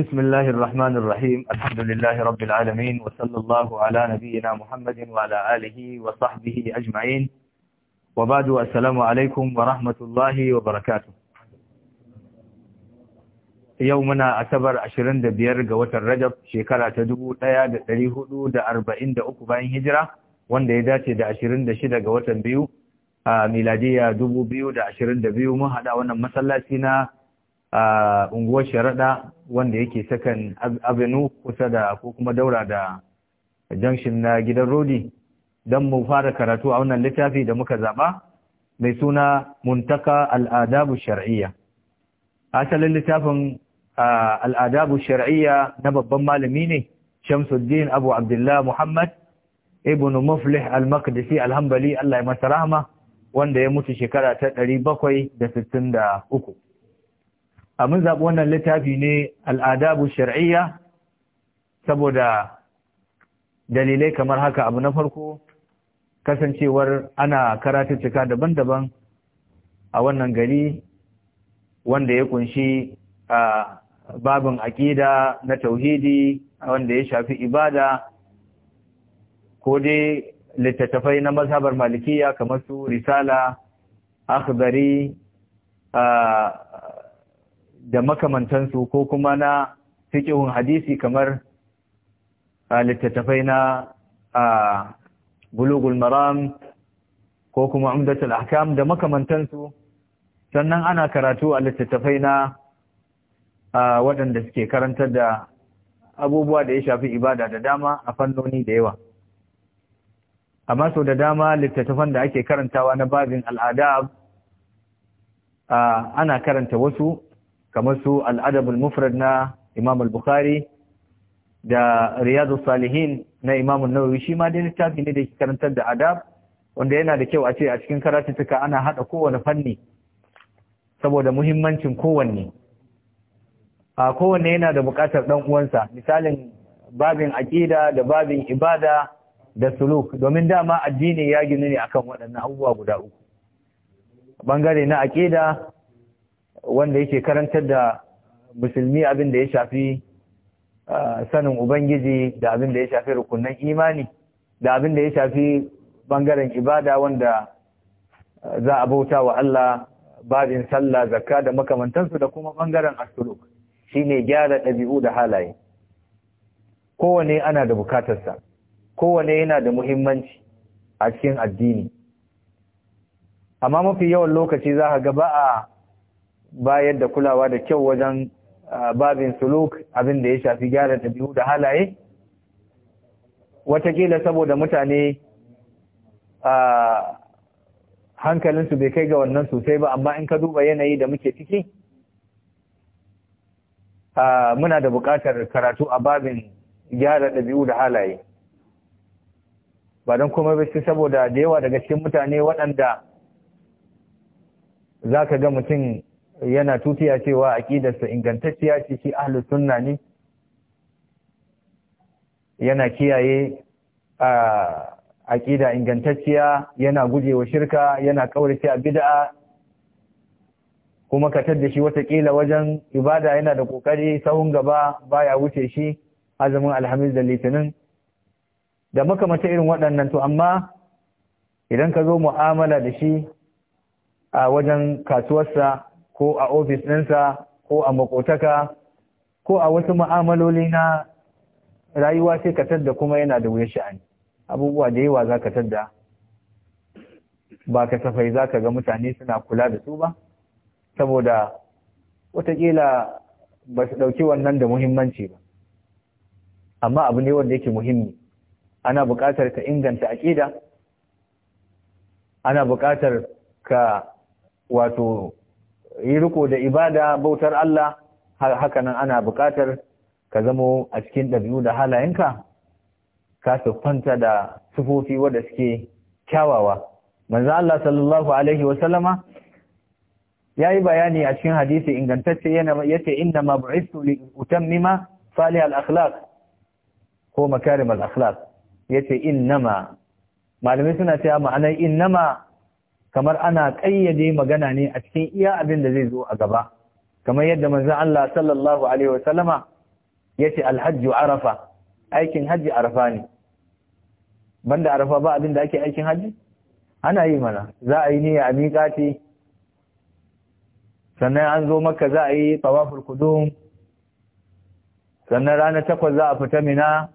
بسم الله الرحمن الرحيم الحمد لله رب العالمين وصلى الله على نبينا محمد وعلى آله وصحبه أجمعين وبعد السلام عليكم ورحمة الله وبركاته يومنا أتبر عشرين دبير قوة الرجب شكرا تدبو تيا دتريه دو دا أربعين دا أكباين هجرة وان دا يداتي دا عشرين دا شدا قوة بيو ميلادية دبو بيو دا عشرين دا بيو مهدا وانا مسلاتنا a unguwar sharaɗa wanda yake sakan abinu kusa da ko kuma daura da junction na gidan rodi don mu fara karatu a wannan littafi da muka zaɓa mai suna muntaka al'adabu shar'iyya asalin littafin al'adabu shar'iyya na babban malami ne shamsuddin abu abdullah muhammad ibn muflih al-maqdisi al-hambali allah ya masa rahma wanda ya mutu shekara ta 763 Abin mun zaɓi wannan littafi ne al'adabu shar'iyya saboda dalilai kamar haka abu na farko kasancewar ana karatun cika daban-daban a wannan gari wanda ya kunshi a babin aƙida na tauhidi wanda ya shafi ibada ko dai littattafai na mazhabar malikiya kamar su risala akhbari da makamantansu ko kuma na fiƙihun hadisi kamar littattafai na bulugul maram ko kuma umdatul ahkam da makamantansu sannan ana karatu a littattafai na waɗanda suke karanta da abubuwa da ya shafi ibada da dama a fannoni da yawa amma sau da dama littattafan da ake karantawa na babin al'adab ana karanta wasu kamar su al’adab mufrad na imam al-bukhari da riyadu salihin na imam al nawawi shi ma dai littafi ne da ke karantar da adab wanda yana da kyau a ce a cikin karatuttuka ana haɗa kowane fanni saboda muhimmancin kowanne a kowanne yana da buƙatar ɗan uwansa misalin babin aƙida da babin ibada da suluk domin dama addini ya ginu ne akan waɗannan abubuwa guda uku bangare na aƙida wanda yake karantar da musulmi abin da ya shafi sanin ubangiji da abin da ya shafi rukunan imani da abin da ya shafi bangaren ibada wanda za a bauta wa Allah babin sallah zakka da makamantansu da kuma bangaren asuluk ne gyara ɗabi'u da halaye kowane ana da bukatarsa kowane yana da muhimmanci a cikin addini amma mafi yawan lokaci za ka ga ba a bayar da kulawa da kyau wajen babin suluk abin da ya shafi gyara da biyu da halaye watakila saboda mutane hankalinsu bai kai ga wannan sosai ba amma in ka duba yanayi da muke ciki muna da bukatar karatu a babin gyara da biyu da halaye ba don kuma bai saboda da yawa daga cikin mutane waɗanda za ka ga mutum yana tutiya cewa aqidarsa ingantacciya ce shi ahlu sunna ne yana kiyaye a aqida ingantacciya yana gujewa shirka yana kaurace a bid'a kuma ka tada shi watakila wajen ibada yana da kokari sahun gaba baya wuce shi azumin alhamis da litinin da makamata irin waɗannan to amma idan ka zo mu'amala da shi a wajen kasuwarsa ko a ofis ɗinsa ko a makotaka ko a wasu ma'amaloli na rayuwa sai ka tadda kuma yana da wuya sha'ani abubuwa da yawa za ka tadda ba ka kasafai za ka ga mutane suna kula da su ba saboda watakila ba su ɗauki wannan da muhimmanci ba amma abu ne wanda yake muhimmi ana buƙatar ka inganta aƙida ana buƙatar ka wato yi riko da ibada bautar Allah haka nan ana buƙatar ka zamo a cikin ɗabi'u da halayenka ka siffanta da sufofi wadda suke kyawawa manzo Allah sallallahu alaihi wasallama yayi bayani a cikin hadisi ingantacce yace inna ma bu'istu li utammima salih al-akhlaq ko makarim al-akhlaq yace innama malamai suna cewa ma'anar innama kamar ana ƙayyade magana ne a cikin iya abin da zai zo a gaba kamar yadda manzon Allah sallallahu alaihi sallama yace alhajju arafa aikin haji arafa ne banda arafa ba abin da ake aikin haji ana yi mana za a yi ne a miƙati sannan an zo Makka za a yi tawaful qudum sannan rana takwas za a fita mina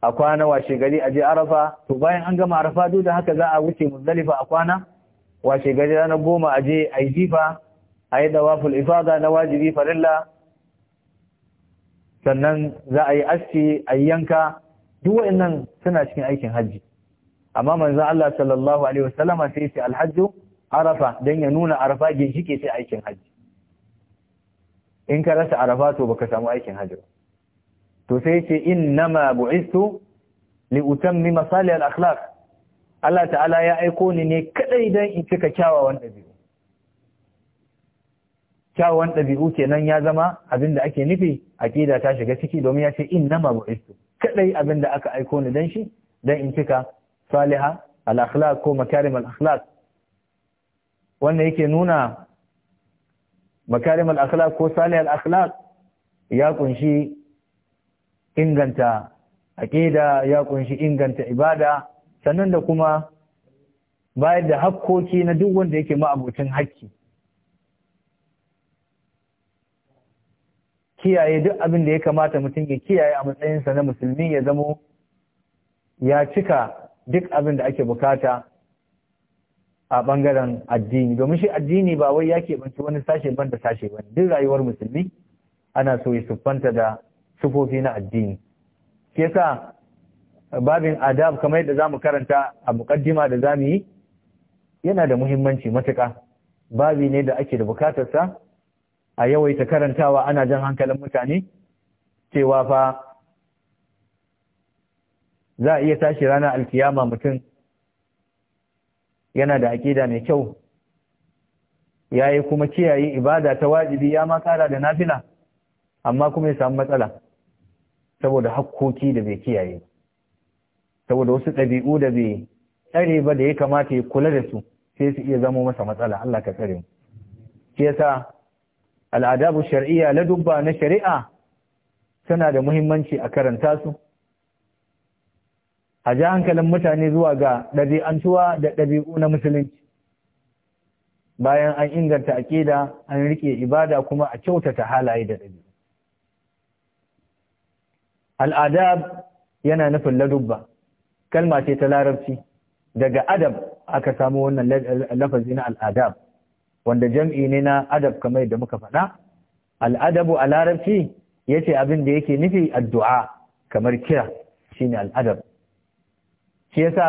a kwana washe gari a je arafa to bayan an gama arafa duk da haka za a wuce muzdalifa a kwana washe gari ranar goma a je a yi jifa a yi dawaful ifada na wajibi farilla sannan za a yi aski a yi yanka duk wa'annan suna cikin aikin hajji amma manzon Allah sallallahu alaihi wasallama sai ce alhajju arafa dan ya nuna arafa ginshike sai aikin hajji in ka rasa arafa to baka samu aikin hajji ba to sai ce nama bu'istu li utammima salih al-akhlaq Allah ta'ala ya aiko ni ne kadai don in cika kyawawan ɗabi'u kyawawan ɗabi'u kenan ya zama abin da ake nufi aƙida ta shiga ciki domin ya ce ma bu'istu kadai abin da aka aiko ni dan shi don in cika saliha al-akhlaq ko makarim al-akhlaq wannan yake nuna makarim al-akhlaq ko salih al-akhlaq ya kunshi inganta aƙida ya kunshi inganta ibada sannan da kuma bayar da hakkoki na duk wanda yake ma'abucin hakki kiyaye duk abin da ya kamata mutum ya kiyaye a matsayinsa na musulmi ya zamo ya cika duk abin da ake bukata a ɓangaren addini domin shi addini ba wai ya keɓanci wani sashe ban da sashe ba duk rayuwar musulmi ana so ya siffanta da sufofi na addini ke sa. babin adab kamar yadda zamu karanta a muqaddima da zamu yi yana da muhimmanci matuka. babi ne da ake da bukatarsa a yawaita karantawa ana jan hankalin mutane cewa fa za a iya tashi ranar alkiyama mutum yana da aƙida mai kyau ya yi kuma kiyaye ibada ta wajibi ya ma ƙara da nafila amma kuma ya samu matsala saboda hakkoki da bai kiyaye ba saboda wasu ɗabi'u da bai tsare ba da ya kamata ya kula da su sai su iya zama masa matsala Allah ka tsare mu shi yasa al'adabu shar'iyya ladubba na shari'a suna da muhimmanci a karanta su a ji hankalin mutane zuwa ga ɗabi'antuwa da ɗabi'u na musulunci bayan an inganta aƙida an riƙe ibada kuma a kyautata halaye da ɗabi'u al'adab yana nufin ladubba kalma ce ta larabci daga adab aka samu wannan lafazi na al'adab wanda jam'i ne na adab kamar da muka faɗa al'adabu a larabci yace abin da yake nufi addu'a kamar kira Shi ne al'adab shi yasa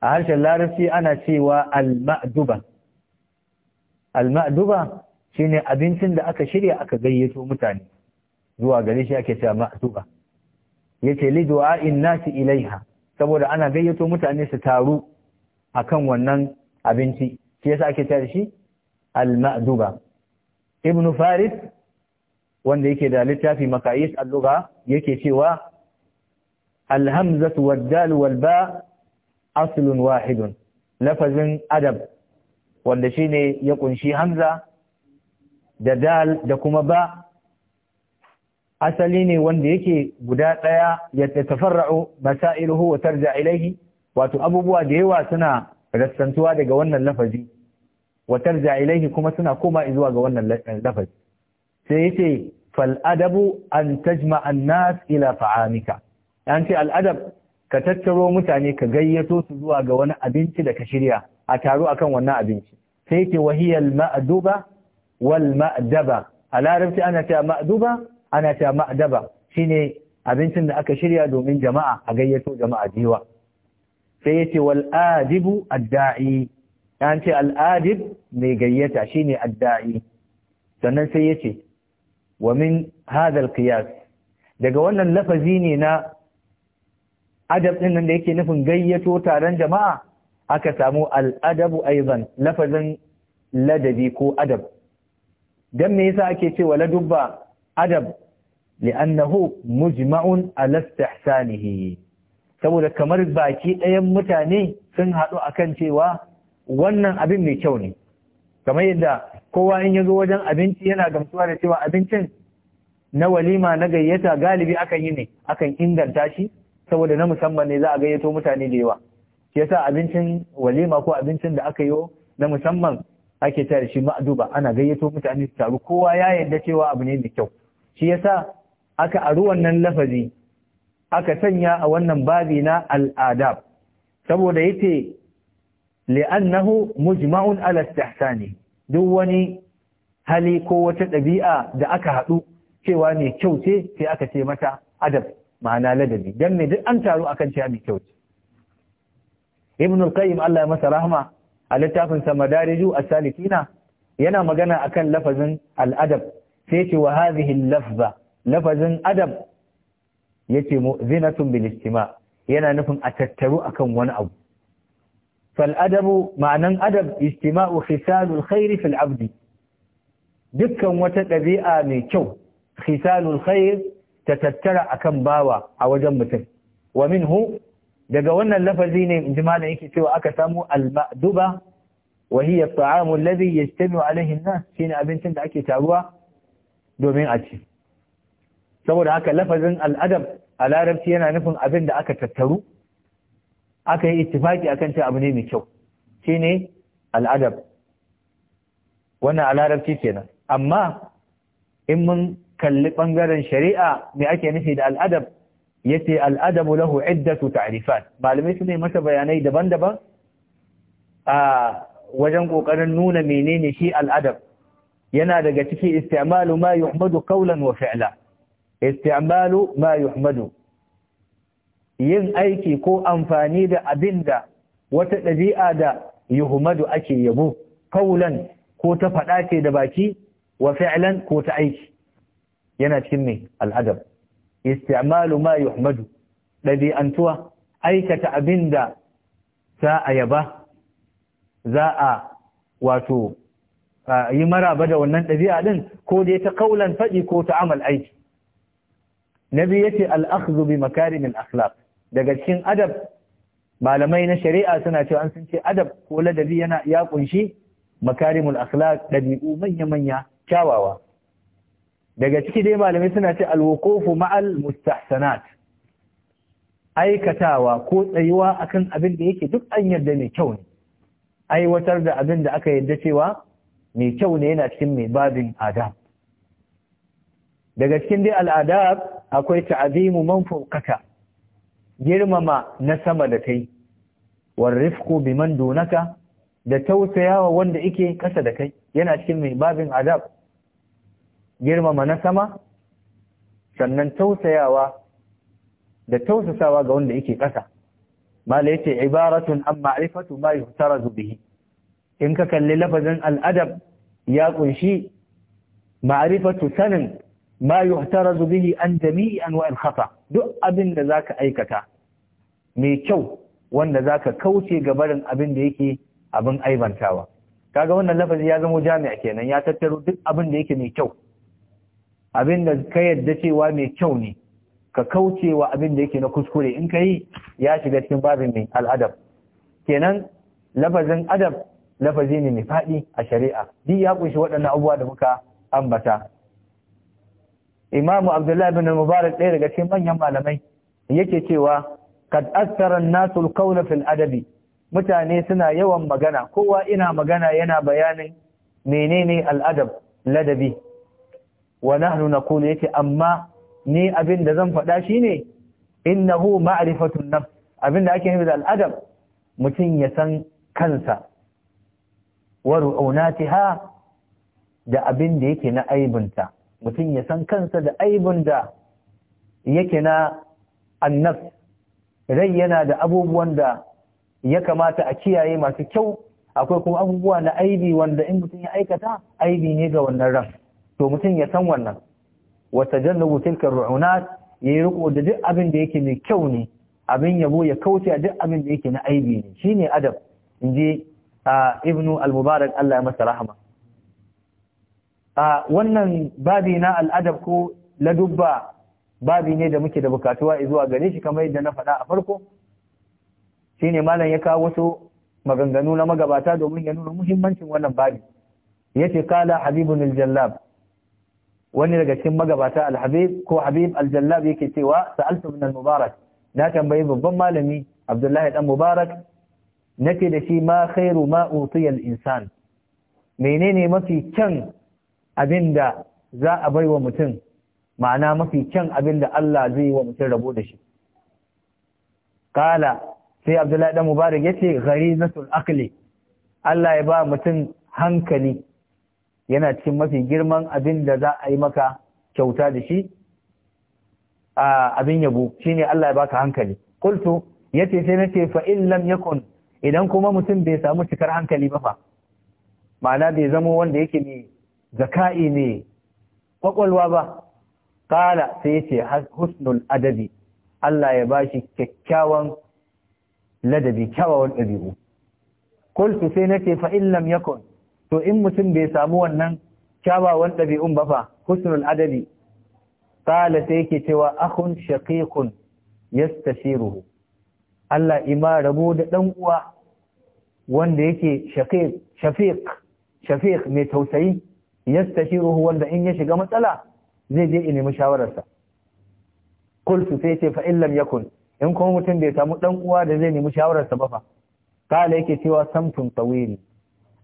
a harshen larabci ana cewa al-ma'duba al-ma'duba shine abincin da aka shirya aka gayyato mutane zuwa gare shi ake cewa ma'duba yace li in nasi ilaiha saboda ana gayyato mutane su taru a kan wannan abinci shi yasa ake tare shi al-ma'duba ibnu faris wanda yake da littafi makayis al-lugha yake cewa al-hamzatu wad-dal wal-ba aslun wahidun lafazin adab wanda shine ya kunshi hamza da dal da kuma ba asali ne wanda yake guda ɗaya ya tafarra'u masailuhu wa tarja ilaihi wato abubuwa da yawa suna rassantuwa daga wannan lafazi wa tarja ilaihi kuma suna koma zuwa ga wannan lafazi sai yace fal adabu an tajma an nas ila fa'amika an ce al adab ka tattaro mutane ka gayyato su zuwa ga wani abinci da ka shirya a taro akan wannan abinci sai yace wahiyar ma'duba wal ma'daba a larabci ana cewa ma'duba ana cewa ma'adaba shine abincin da aka shirya domin jama'a a gayyato jama'a jiwa sai yace wal adibu adda'i an ce al adib mai gayyata shine adda'i sannan sai yace wa min hadha al qiyas daga wannan lafazi ne na adab din nan da yake nufin gayyato taron jama'a aka samu al adabu aidan lafazin ladabi ko adab dan me yasa ake cewa ladubba adab li'annahu mujma'un على استحسانه saboda kamar baki ɗayan mutane sun haɗu a kan cewa wannan abin mai kyau ne kamar yadda kowa in ya wajen abinci yana gamsuwa da cewa abincin na walima na gayyata galibi akan yi ne akan inganta shi saboda na musamman ne za a gayyato mutane da yawa shi yasa abincin walima ko abincin da aka yi na musamman ake tare shi ma'aduba ana gayyato mutane su taru kowa ya yarda cewa abu ne mai kyau shi yasa aka ari wannan lafazi aka sanya a wannan babi na al'adab saboda yace li'annahu mujma'un ala istihsani duk wani hali ko wata ɗabi'a da aka haɗu cewa ne kyau ce sai aka ce mata adab ma'ana ladabi dan me duk an taru akan cewa mai kyau ce ibn al-qayyim Allah ya masa rahma a littafin sa madariju as-salikina yana magana akan lafazin al-adab sai ce wa hadhihi al-lafza lafazin adab yace mu'zinatun bil istima yana nufin a tattaru akan wani abu fal adabu ma'anan adab istima'u khisalul khair fil abdi dukkan wata ɗabi'a mai kyau khisalul khair ta tattara akan bawa a wajen mutum wa minhu daga wannan lafazi ne in ji malam yake cewa aka samu al-ma'duba wa hiya at-ta'amu alladhi yajtami'u alayhi an-nas shine abincin da ake taruwa domin a ci saboda haka lafazin al'adab a larabci yana nufin abin da aka tattaru aka yi ittifaki akan ce abu ne mai kyau shine al'adab wannan a larabci kenan amma in mun kalli bangaren shari'a me ake nufi da al'adab yace al'adabu lahu iddatu ta'rifat malamai su ne masa bayanai daban-daban a wajen kokarin nuna menene shi al'adab yana daga ciki istimalu ma yuhmadu qawlan wa fi'la isti'malu ma yuhmadu yin aiki ko amfani da abin da wata ɗabi'a da yuhmadu ake yabo kaulan ko ta faɗa ce da baki wa fi'lan ko ta aiki yana cikin mai al'adab isti'malu ma yuhmadu ɗabi'antuwa aikata abin da za a yaba za a wato yi maraba da wannan ɗabi'a ɗin ko dai ta kaulan faɗi ko ta amal aiki nabi yace al-akhdhu bi makarim al-akhlaq daga cikin adab malamai na shari'a suna cewa an sun ce adab ko ladabi yana ya kunshi makarimul akhlaq dabi'u manya manya kyawawa daga ciki dai malamai suna ce alwuqufu ma'al mustahsanat aikatawa ko tsayuwa akan abin da yake duk an yarda mai kyau ne aiwatar da abin da aka yarda cewa mai kyau ne yana cikin mai babin adab daga cikin dai al'adab akwai ta'azimu man fawqaka girmama na sama da kai war rifqu biman dunaka da tausayawa wanda yake kasa da kai yana cikin mai babin adab girmama na sama sannan tausayawa da tausasawa ga wanda yake kasa mala yace ibaratun an ma'rifatu ma yuhtarazu bihi in ka kalli lafazin al'adab ya kunshi ma'rifatu sanin Mayu, yuhtarazu bihi an jami'i anwa'il khata duk abinda da zaka aikata mai kyau wanda za ka kauce ga barin abin da yake abin aibantawa kaga wannan lafazi ya zama jami'a kenan ya tattaro duk abinda da yake mai kyau Abinda ka yadda cewa mai kyau ne ka kauce wa abin da yake na kuskure in ka yi ya shiga cikin babin mai al'adab kenan lafazin adab lafazi ne mai faɗi a shari'a duk ya ƙunshi waɗannan abubuwa da muka ambata imamu abdullahi bin mubarak ɗaya daga cikin manyan malamai yake cewa kad aktara nasu alqawla fil adabi mutane suna yawan magana kowa ina magana yana bayanin menene al'adab ladabi wa nahnu naqulu yace amma ni abin da zan faɗa shine innahu ma'rifatun nafs abin da ake nufi da al'adab mutum ya san kansa wa ru'unatiha da abin da yake na aibinta mutum ya san kansa da aibun da yake na annaf rai yana da abubuwan da ya kamata a kiyaye masu kyau akwai kuma abubuwa na aibi wanda in mutum ya aikata aibi ne ga wannan ran to mutum ya san wannan wata jannabu tilka ru'unat yayi riko da duk abin da yake mai kyau ne abin yabo ya kauce a duk abin da yake na aibi ne shine adab inji ibnu al-mubarak Allah ya masa rahama a wannan babi na al'adab ko ladubba babi ne da muke da bukatuwa zuwa gare shi kamar yadda na faɗa a farko Shi ne malam ya kawo wasu maganganu na magabata domin ya nuna muhimmancin wannan babi yace kala habibun al wani daga cikin magabata alhabib habib ko habib al yake cewa sa'altu min mubarak na tambayi babban malami abdullahi dan mubarak nake da shi ma khairu ma utiya al-insan menene mafi kyan abin da za a bai wa mutum ma'ana mafi kyan abin da Allah zai yi wa mutum rabo da shi kala sai abdullahi dan mubarak yace na akli Allah ya ba mutum hankali yana cikin mafi girman abin da za a yi maka kyauta da shi a abin yabo ne, Allah ya baka hankali Kultu ya ce sai nace ce fa’in lam yakun idan kuma mutum bai samu cikar hankali ba fa ma'ana bai zamo wanda yake mai zaka'i ne kwakwalwa ba kala sai ce husnul adabi Allah ya bashi kyakkyawan ladabi kyawawan ɗabi'u kultu sai nace fa in lam to in mutum bai samu wannan kyawawan ɗabi'un ba fa husnul adabi kala sai ke cewa akhun ya yastashiruhu Allah ima rabo da ɗan uwa wanda yake shafiq shafiq mai tausayi yastashiruhu wanda in ya shiga matsala zai je nemi shawararsa kulsu sai ce fa in yakun in kuma mutum bai samu dan uwa da zai nemi shawararsa ba fa kala yake cewa samtun tawili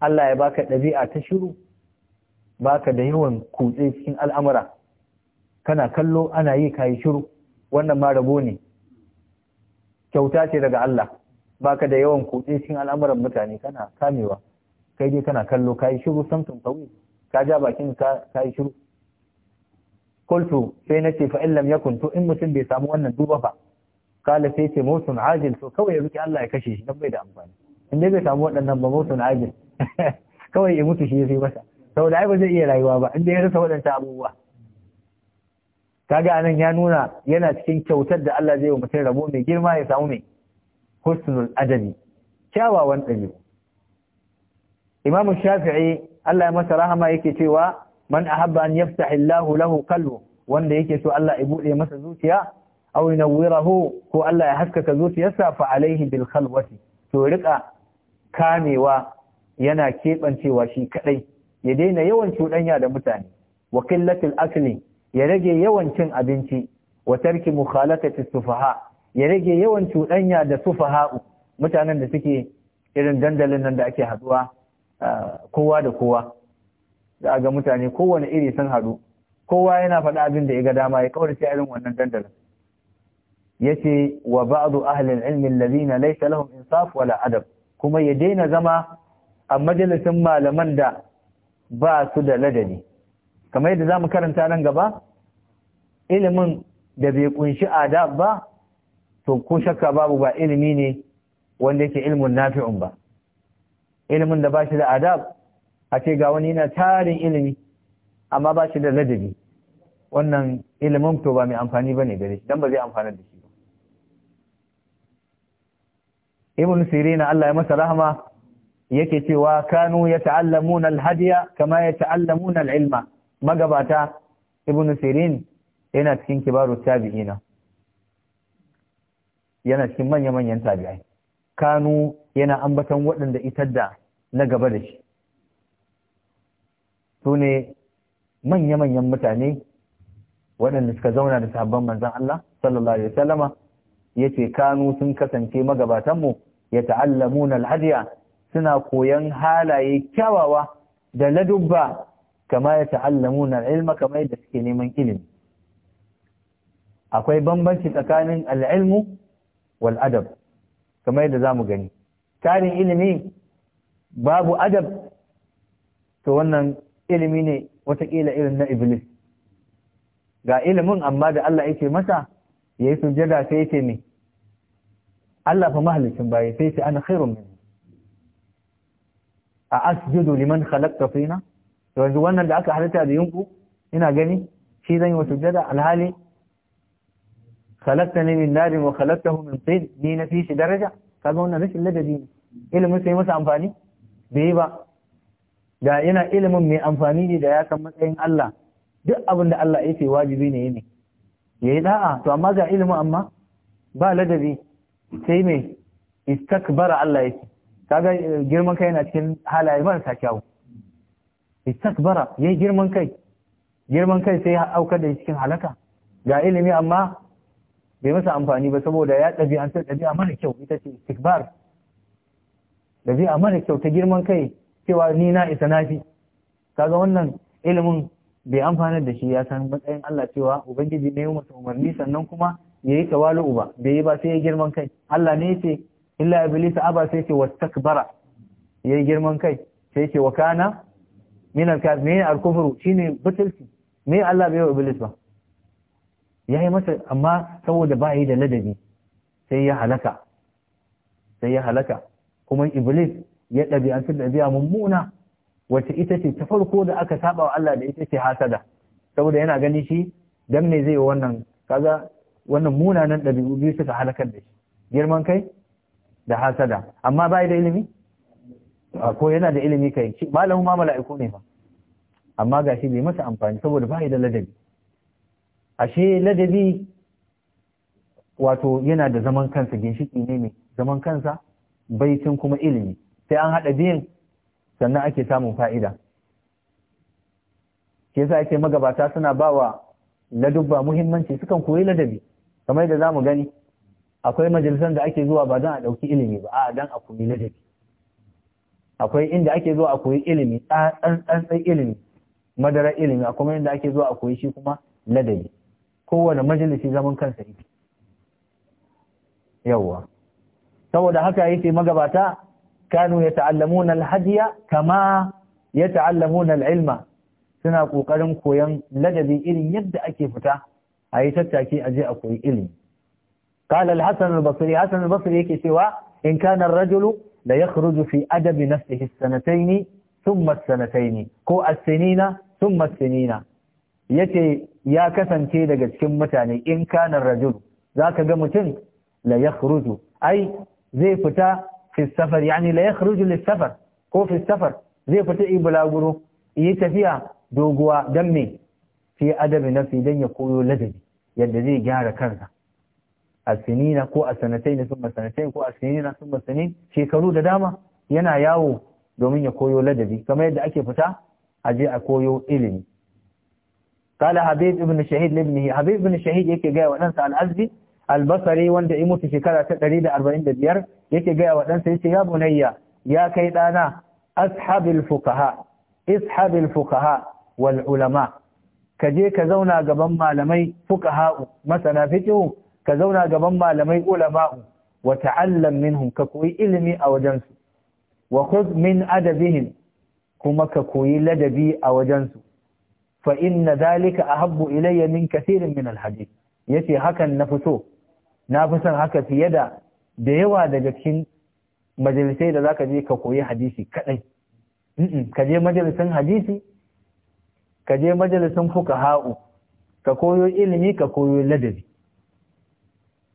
Allah ya baka ɗabi'a ta shiru baka da yawan kutse cikin al'amura kana kallo ana yi kayi shiru wannan ma rabo ne kyauta ce daga Allah baka da yawan kutse cikin al'amuran mutane kana kamewa kai dai kana kallo kayi shiru samtun tawili ka ja bakin ka ka yi shiru kultu sai na fa in lam yakun to in mutum bai samu wannan duba ba kala sai ce motsin ajil to kawai ya ruki Allah ya kashe shi dan bai da amfani in dai bai samu waɗannan ba motsin ajil kawai ya mutu shi ya sai masa saboda ai ba zai iya rayuwa ba in dai ya rasa waɗanta abubuwa kaga anan ya nuna yana cikin kyautar da Allah zai wa mutum rabo mai girma ya samu mai husnul adabi kyawawan ɗabi'u imam shafi'i Allah ya masa rahama yake cewa man ahabba an yaftahi Allahu lahu qalbu wanda yake so Allah ya bude masa zuciya aw yunawwirahu ko Allah ya haskaka zuciyarsa fa alaihi bil khalwati to rika kamewa yana kebancewa shi kadai ya daina yawan cuɗanya da mutane wa qillatil akli ya rage yawan cin abinci wa tarki mukhalatati sufaha ya rage yawan cuɗanya da sufaha mutanen da suke irin dandalin nan da ake haduwa kowa da kowa za a ga mutane kowane iri sun haɗu kowa yana faɗa abin da ya ga dama ya kawar irin wannan dandalin ce wa ba'du ahalin ilmin ilm laisa laifin lahum insaf wala adab kuma ya daina zama a majalisin malaman da ba su da ladabi kamar yadda zamu karanta nan gaba ilimin da bai kunshi adab ba to ko shakka babu ba ilimi ne wanda yake ilmun nafi'un ba ilimin da ba shi da adab a ce ga wani yana tarin ilimi amma ba shi da ladabi wannan ilimin to ba mai amfani ba ne gare shi don ba zai amfana da shi ba ibn sirina Allah ya masa rahama yake cewa kanu ya al-hadiya kama ya al-ilma magabata ibn sirin yana cikin kibaru tabi'ina yana cikin manya-manyan tabi'ai kanu yana ambaton waɗanda itar da na gaba da shi su ne manya-manyan mutane waɗanda suka zauna da sabon manzan Allah sallallahu alaihi wasallama yace kanu sun kasance magabatanmu ya ta'allamuna al suna koyan halaye kyawawa da ladubba kama ya ta'allamuna al-ilma kama yadda suke neman ilimi akwai bambanci tsakanin al'ilmu wal'adab kama yadda za mu gani tarin ilimi babu adab to wannan ilimi ne watakila irin na iblis ga ilimin amma da Allah yake masa yayi sujjada sai yake me Allah fa mahalicin baye sai yake ana khairun min a asjudu liman khalaqta fina to yanzu wannan da aka halitta da yunku ina gani shi zan yi wa sujjada alhali khalaqtani min nar wa khalaqtahu min tin ni na fi shi daraja kaga wannan rashin ladabi ilimin sai masa amfani bai ba da yana ilimin mai amfani ne da ya kan matsayin Allah duk abin da Allah ya ce wajibi ne ne ya yi da'a to amma ga ilimin amma ba ladabi sai mai istakbara Allah ya ce kaga eh, girman kai yana cikin halaye marasa kyawu istakbara yayi girman kai girman kai sai ya auka da cikin halaka ga ilimi amma bai masa amfani ba saboda ya ɗabi'antar ɗabi'a mara kyau ita ce istikbar da zai amana kyauta girman kai cewa ni na isa nafi kaga wannan ilimin bai amfanar da shi ya san matsayin Allah cewa ubangiji ne ya masa umarni sannan kuma ya yi tawali ba bai yi ba sai ya girman kai Allah ne yace illa iblis aba sai wasu wastakbara ya yi girman kai sai ce wa kana min al-kafir ne al Shi shine butulci me Allah bai wa iblis ba ya yi masa amma saboda ba yi da ladabi sai ya halaka sai ya halaka kuma iblis ya ɗabi'antar da ɗabi'a mummuna wacce ita ce ta farko da aka saba wa Allah da ita ce hasada saboda yana gani shi dan me zai wannan kaga wannan munanan ɗabi'u biyu suka halakar da shi girman kai da hasada amma bai da ilimi ko yana da ilimi kai malamu ma mala'iku ne fa. amma gashi bai masa amfani saboda bai da ladabi ashe ladabi wato yana da zaman kansa ginshiki ne ne zaman kansa baitin kuma ilimi sai an haɗa biyan sannan ake samun fa'ida ke sa ake magabata suna ba wa ladubba muhimmanci sukan koyi ladabi kamar da za mu gani akwai majalisar da ake zuwa ba don a ɗauki ilimi ba a don a koyi ladabi akwai inda ake zuwa a koyi ilimi tsantsan ilimi madarar ilimi akwai inda ake zuwa a koyi shi kuma ladabi kowane majalisi zaman kansa yake yawwa saboda haka yake magabata kanu ya ta’allamun alhajiya kama ya ta’allamun al’ilma suna ƙoƙarin koyon ladabi irin yadda ake fita a yi tattaki aje je a koyi ilin. Kala al-Hassan al-Basri, Hassan al basri yake cewa in kanar rajulu da ya kuruju fi adabi na fi sanataini sun masanataini ko asinina sun masanina ya ya kasance daga cikin mutane in kanar rajulu za ka ga mutum la ya kuruju ai zai fita fi safar yani la yakhruju lis safar ko fi safar zai fita yi bulaguro yi tafiya doguwa dan me fi adabi nafsi dan ya koyo ladabi yadda zai gyara kansa a sinina ko a sanatai na sanatai ko a sinina sanin shekaru da dama yana yawo domin ya koyo ladabi kamar yadda ake fita a je a koyo ilimi قال حبيب ابن شهيد لابنه حبيب ابن شهيد yake ga wa al-azbi albasari wanda ya mutu shekara ta biyar yake gaya wa ɗansa yace ya bunayya ya kai ɗana ashabil fukaha ishabil fukaha wal ulama ka je ka zauna gaban malamai fukaha'u masana fiqh ka zauna gaban malamai ulama'u wa ta'allam minhum ka koyi ilimi a wajensu wa khudh min adabihim kuma ka koyi ladabi a wajensu fa inna dhalika ahabbu ilayya min kathirin min al hadith yace hakan na fito na fi son haka fiye da da yawa daga cikin majalisai da zaka je ka koyi hadisi kadai ka je majalisan hadisi ka je fuka fukaha'u ka koyo ilimi ka koyo ladabi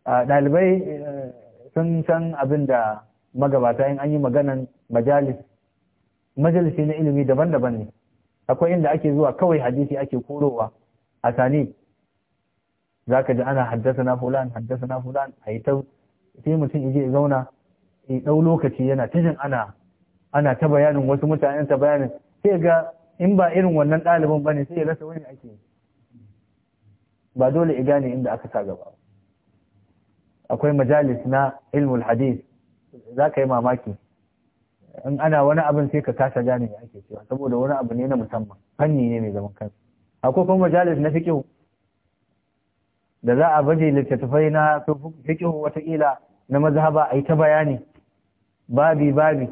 ɗalibai eh, sun san abin da magabata in an yi maganan majalis majalisi na ilimi daban-daban ne akwai inda ake zuwa kawai hadisi ake korowa a sani za ka ji ana haddasa na fulan haddasa na fulan a yi ta sai mutum ya je zauna ya ɗau lokaci yana ta jin ana ana ta bayanin wasu mutanen ta bayanin sai ga in ba irin wannan ɗaliban ba ne sai ya rasa wani ake ba dole ya gane inda aka sa gaba akwai majalis na ilmul hadis za ka yi mamaki in ana wani abin sai ka kasa gane me ake cewa saboda wani abu ne na musamman fanni ne mai zaman kansa akwai kuma majalis na fiqh da za a baje littattafai na fiqh wataƙila na mazhaba a yi ta bayani babi babi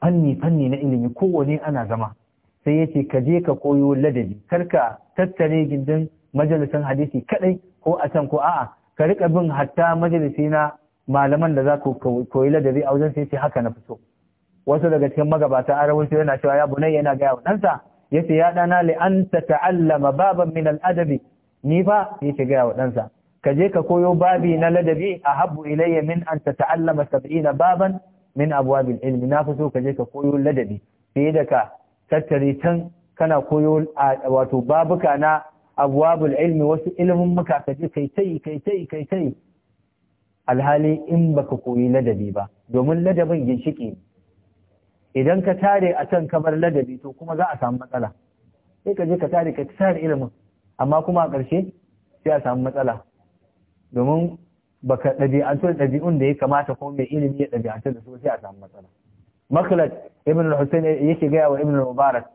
fanni fanni na ilimi kowane ana zama sai ya ce ka je ka koyo ladabi kar ka tattare gindin majalisan hadisi kaɗai ko a can ko a'a ka riƙa bin hatta majalisi na malaman da za ku koyi ladabi a wajen sai ce haka na fito wasu daga cikin magabata a sai yana cewa ya bunai yana gaya wa ɗansa ya ce ya ɗana li ta ta'allama baban min al'adabi ni fa ya ce gaya wa ɗansa ka je ka koyo babi na ladabi a habbu ilayya min an ta ta'allama sab'ina baban min abwabil ilmi na fi so ka je ka koyo ladabi fiye da ka tattare can kana koyo wato babuka na abwabul ilmi wasu ilimin muka ka je kai tai kai tai kai tai alhali in baka koyi ladabi ba domin ladabin ginshiki idan ka tare a can kamar ladabi to kuma za a samu matsala sai ka je ka tare ka tare ilimin amma kuma a ƙarshe sai a samu matsala domin baka ɗabi'antu da ɗabi'un da ya kamata ko mai ilimi ya ɗabi'antu da su a samu matsala maklad ibn al ya yake gaya wa ibn al-mubarak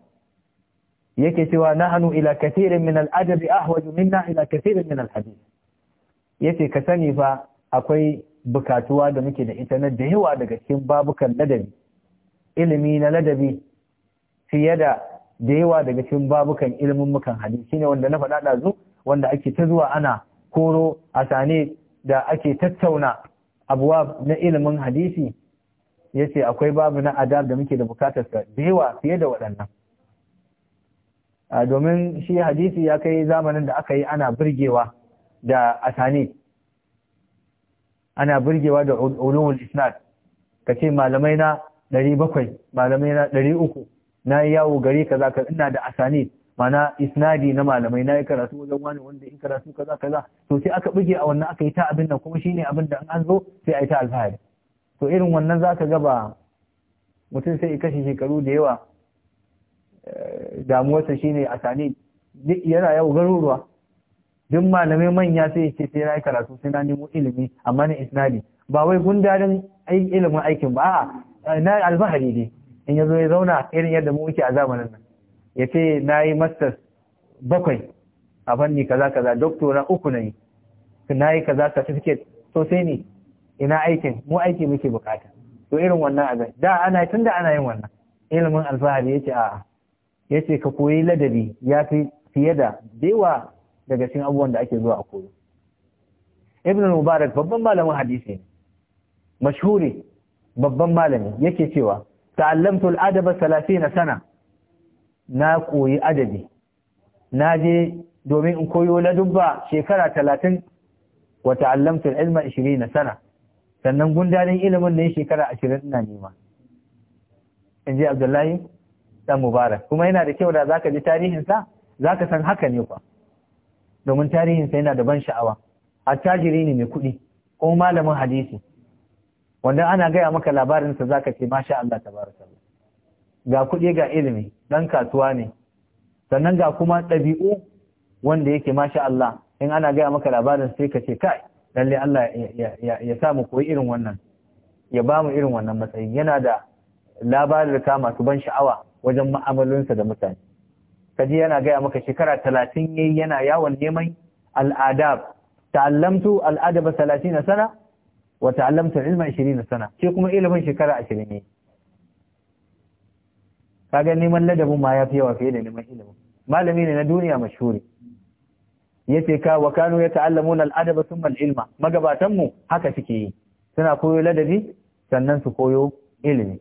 yake cewa na hannu ila kathirin min al-adab ahwaju minna ila kathirin min al-hadith yace ka sani fa akwai bukatuwa da muke da ita na da yawa daga cikin babukan ladabi ilimi na ladabi fiye da da yawa daga cikin babukan ilimin mukan hadisi ne wanda na faɗa ɗazu wanda ake ta zuwa ana koro a sane da ake tattauna abuwa na ilimin hadisi ya ce akwai babu na adab da muke da bukatar sa da yawa fiye da waɗannan domin shi hadisi ya kai zamanin da aka yi ana burgewa da asane, ana birgewa da ulumul isnad ka ce malamai na 700 malamai na 300 na yi yawo gari kaza kaza ina da asani mana isnadi na malamai na yi karatu wajen wani wanda in karatu kaza kaza to sai aka buge a wannan aka yi ta abin nan kuma shine abin da an zo sai a yi ta alfahari to irin wannan za ka gaba mutum sai kashe shekaru da yawa eh, damuwarsa shine asani yana yawo garuruwa duk malamai manya sai ce sai na yi karatu sai na nemo ilimi amma na isnadi ba wai gundarin ilimin aikin ba a'a na alfahari ne in ya zo ya zauna irin yadda mu muke a zamanin nan ya ce na yi masters bakwai a fanni kaza kaza doktora uku na yi na yi kaza certificate to sai ne ina aikin mu aiki muke bukata to irin wannan abin da ana tun da ana yin wannan ilimin alfahari ya ce a'a ya ce ka koyi ladabi ya fi fiye da dawa daga cikin abubuwan da ake zuwa a koyo ibn mubarak babban malamin hadisi ne mashhuri babban malami yake cewa ta'allamtu al'adaba 30 sana na koyi adabi na je domin in koyo ladubba shekara 30 wa ta'allamtu al'ilma 20 sana sannan gundarin ilimin ne shekara 20 ina nema in ji Abdullahi dan Mubarak kuma yana da kyau da zaka ji tarihinsa zaka san haka ne kuwa? domin tarihinsa yana da ban sha'awa attajiri ne mai kuɗi ko malamin hadisi wanda ana gaya maka labarinsa za ka ce masha Allah tabaraka ga kuɗi ga ilimi ɗan kasuwa ne sannan ga kuma ɗabi'u wanda yake masha Allah in ana gaya maka labarin sai ka ce kai lalle Allah ya sa mu koyi irin wannan ya ba mu irin wannan matsayi yana da labarin ka masu ban sha'awa wajen ma'amalinsa da mutane kaji yana gaya maka shekara talatin yayi yana yawon neman al'adab ta'allamtu al'adaba talatin sana wa ta'allamta ilma 20 sana shi kuma ilimin shekara 20 ne kaga neman ladabin ma yafi yawa fiye da neman ilimin malami ne na duniya mashhuri yace ka wa kanu yata'allamuna al-adaba thumma al-ilma magabatan mu haka suke yi suna koyo ladabi sannan su koyo ilimi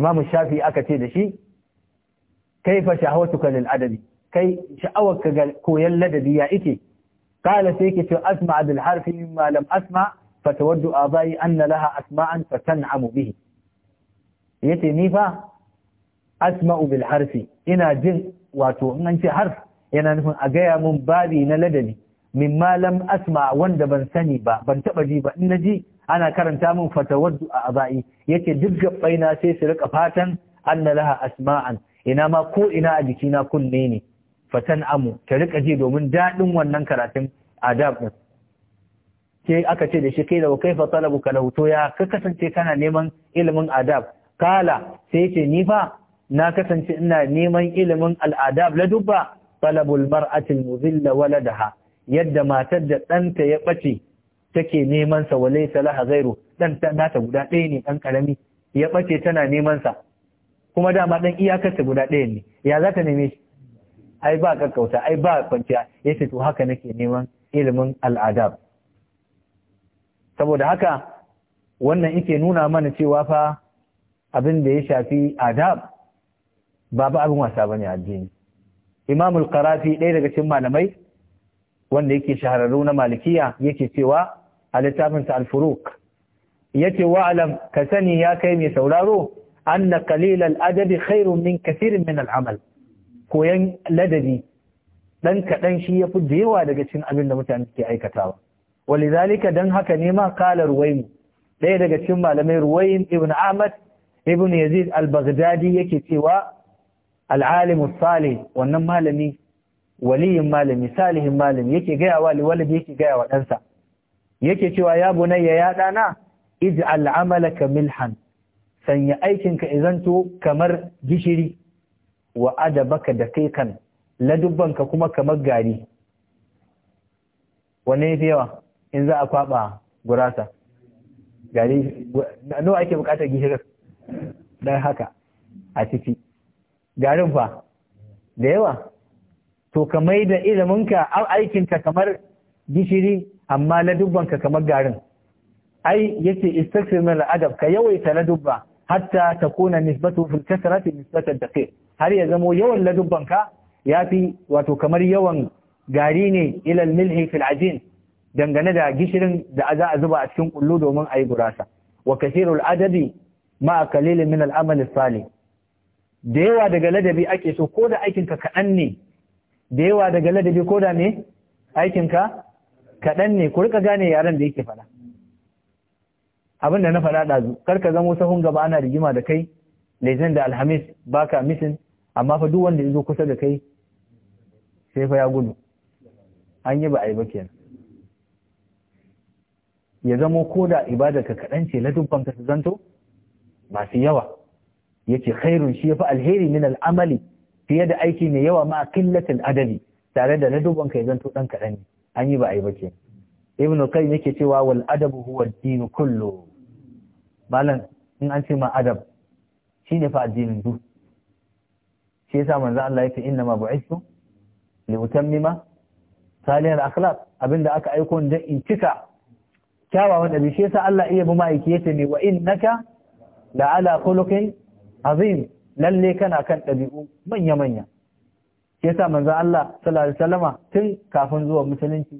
imam shafi aka ce da shi kaifa shahawatuka lil adabi kai sha'awarka ga koyon ladabi ya ike kala sai yake ce asma bil harfi mimma asma fatawaddu abai anna laha asma'an fatan'amu bihi yace ni fa asma'u bil ina jin wato in an ce harf yana nufin a gaya mun babi na ladabi min malam asma wanda ban sani ba ban taba ji ba in na ji ana karanta mun fatawaddu a abai yace duk gabbaina sai su rika fatan anna laha asma'an ina ma ko ina a jikina kunne ne fatan amu ta rika ji domin daɗin wannan karatun adab ɗin. sai aka ce da shi kai da kaifa talabuka lahu to ya ka kasance kana neman ilimin adab kala sai ce ni fa na kasance ina neman ilimin al'adab la dubba talabul mar'atil muzilla waladaha yadda matar da ɗanta ya ɓace take neman sa walai salaha gairu dan nata guda ɗaya ne ɗan karami ya ɓace tana neman sa kuma dama ɗan iyakarsa guda ɗaya ne ya za ta neme shi ai ba kakkauta ai ba kwanciya ya ce to haka nake neman ilimin al'adab saboda haka wannan yake nuna mana cewa fa abin da ya shafi adab ba ba abin wasa bane addini imam al-qarafi ɗaya daga cikin malamai wanda yake shahararru na malikiya yake cewa a littafin al-furuq yace wa alam ka sani ya kai mai sauraro anna Kalilal, Adabi, adab khairun min kathirin min al-amal koyan ladabi dan kadan shi yafi da yawa daga cikin abin da mutane ke aikatawa walidhalika dan haka ne ma qala ruwaym ɗaya daga cikin malamai ruwaym ibn ahmad ibn yazid al-baghdadi yake cewa al-alim salih wannan malami waliyin malami salihin malami yake gaya wa walidi yake gaya wa ɗansa yake cewa ya bunayya ya ɗana al'amala ka milhan sanya aikinka izanto kamar gishiri wa adabaka da kai kan ladubbanka kuma kamar gari wanne yafi yawa in za a kwaba gurasa gari nawa ake bukatar gishirin dan haka a ciki garin fa da yawa to ka mai da iliminka aikinka kamar gishiri amma ladubanka kamar garin ai yace istaghfir min al-adab ka yawaita ladubba hatta takuna nisbatu fil kasrati nisbatan daqiq har ya zamo yawan dubbanka yafi wato kamar yawan gari ne ilal al-milhi fil ajin dangane da gishirin da za a zuba a cikin kullu domin a yi gurasa wa kashirul adabi ma kalilin min al'amal salih da yawa daga ladabi ake so ko da aikinka kaɗan ne da yawa daga ladabi ko da ne aikinka kaɗan ne ku rika gane yaren da yake faɗa abin da na faɗa ɗazu kar ka zamo sahun gaba ana rigima da kai lezen da alhamis baka misin amma fa duk wanda ya zo kusa da kai sai fa ya gudu an yi ba a yi ba kenan ya zamo ko da ka kaɗan ce ladubbanka su zanto masu yawa ce khairun shi fi alheri min al'amali fiye da aiki mai yawa ma qillatil adali. tare da ladubbanka ya zanto dan kaɗan ne an yi ba a yi ba ibn kai yake cewa wal adabu huwa din kullu malam in an ce ma adab shine fa addinin duk shi yasa manzo Allah yake inna ma bu'istu li utammima salihal akhlaq abinda aka aiko ni dan in cika kyawawan bi shi yasa Allah iya bi ma'aiki yace ne wa innaka la ala khuluqin azim lalle kana kan ɗabi'u manya manya shi yasa manzon Allah sallallahu alaihi wasallama tun kafin zuwa musulunci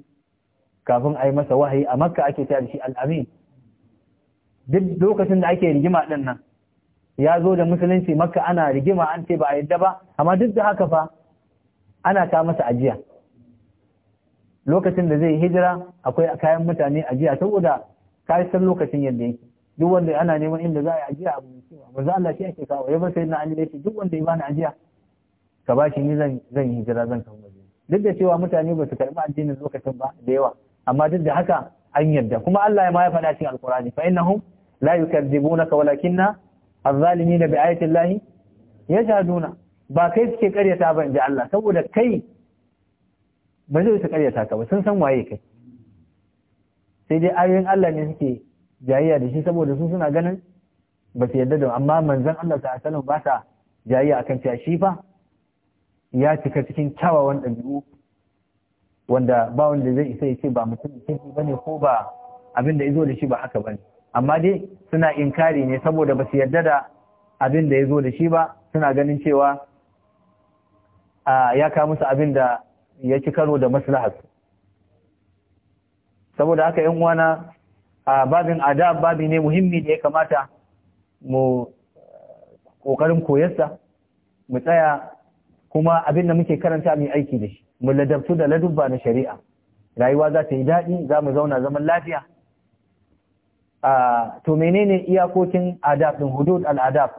kafin ayi masa wahayi a makka ake tare shi al-amin duk lokacin da ake rigima din nan ya zo da musulunci makka ana rigima an ce ba a yadda ba amma duk da haka fa ana ta masa ajiya lokacin da zai hijira akwai kayan mutane ajiya saboda ka san lokacin yadda yake duk wanda ana neman inda za a yi ajiya abu mai cewa za Allah shi ake kawo ya bar na Ali ne duk wanda ya bani ajiya ka bashi ni zan zan hijira zan kawo waje duk da cewa mutane ba su karbi addinin lokacin ba da yawa amma duk da haka an yarda. kuma Allah ya ma ya faɗa cikin alqur'ani fa innahum la yukadzibunaka walakinna az-zalimina bi ayati llahi yajhaduna ba kai suke karyata ba inji Allah saboda kai ba zai su karyata ka ba sun san waye kai sai dai ayoyin Allah ne suke jayayya da shi saboda su suna ganin ba su yarda da amma manzon Allah ta asali ba sa jayayya akan cewa shi fa ya cika cikin kyawawan ɗabi'u wanda ba wanda zai isa ya ce ba mutum ba ne ko ba abin da zo da shi ba haka ne amma dai suna inkari ne saboda ba su yarda da abin da zo da shi ba suna ganin cewa ya kawo musu abin da ya ci karo da maslahar saboda haka yan uwana a babin adab babi ne muhimmi da ya kamata mu kokarin koyarsa mu tsaya kuma abin da muke karanta mai aiki da shi mu ladabtu da ladubba na shari'a rayuwa za ta yi daɗi za mu zauna zaman lafiya to menene iyakokin adab din hudud al adab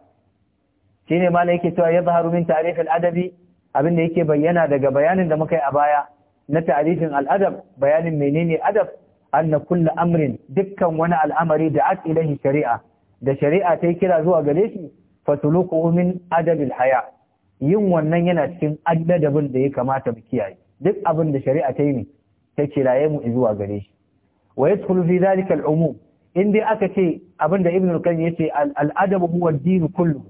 shine malai yake cewa ya zaharu min tarihi al adabi abin da yake bayyana daga bayanin da muka yi a baya na ta'arifin al'adab bayanin menene adab anna kullu amrin dukkan wani al'amari da at ilahi shari'a da shari'a ta kira zuwa gare shi fatuluku min adabil haya yin wannan yana cikin adadabin da ya kamata mu kiyaye duk abin da shari'a ta yi ne ta kiraye mu zuwa gare shi wa yadkhulu fi dhalika al-umum in dai aka ce abin da ibn al-qayyim yace al-adab huwa ad-din kullu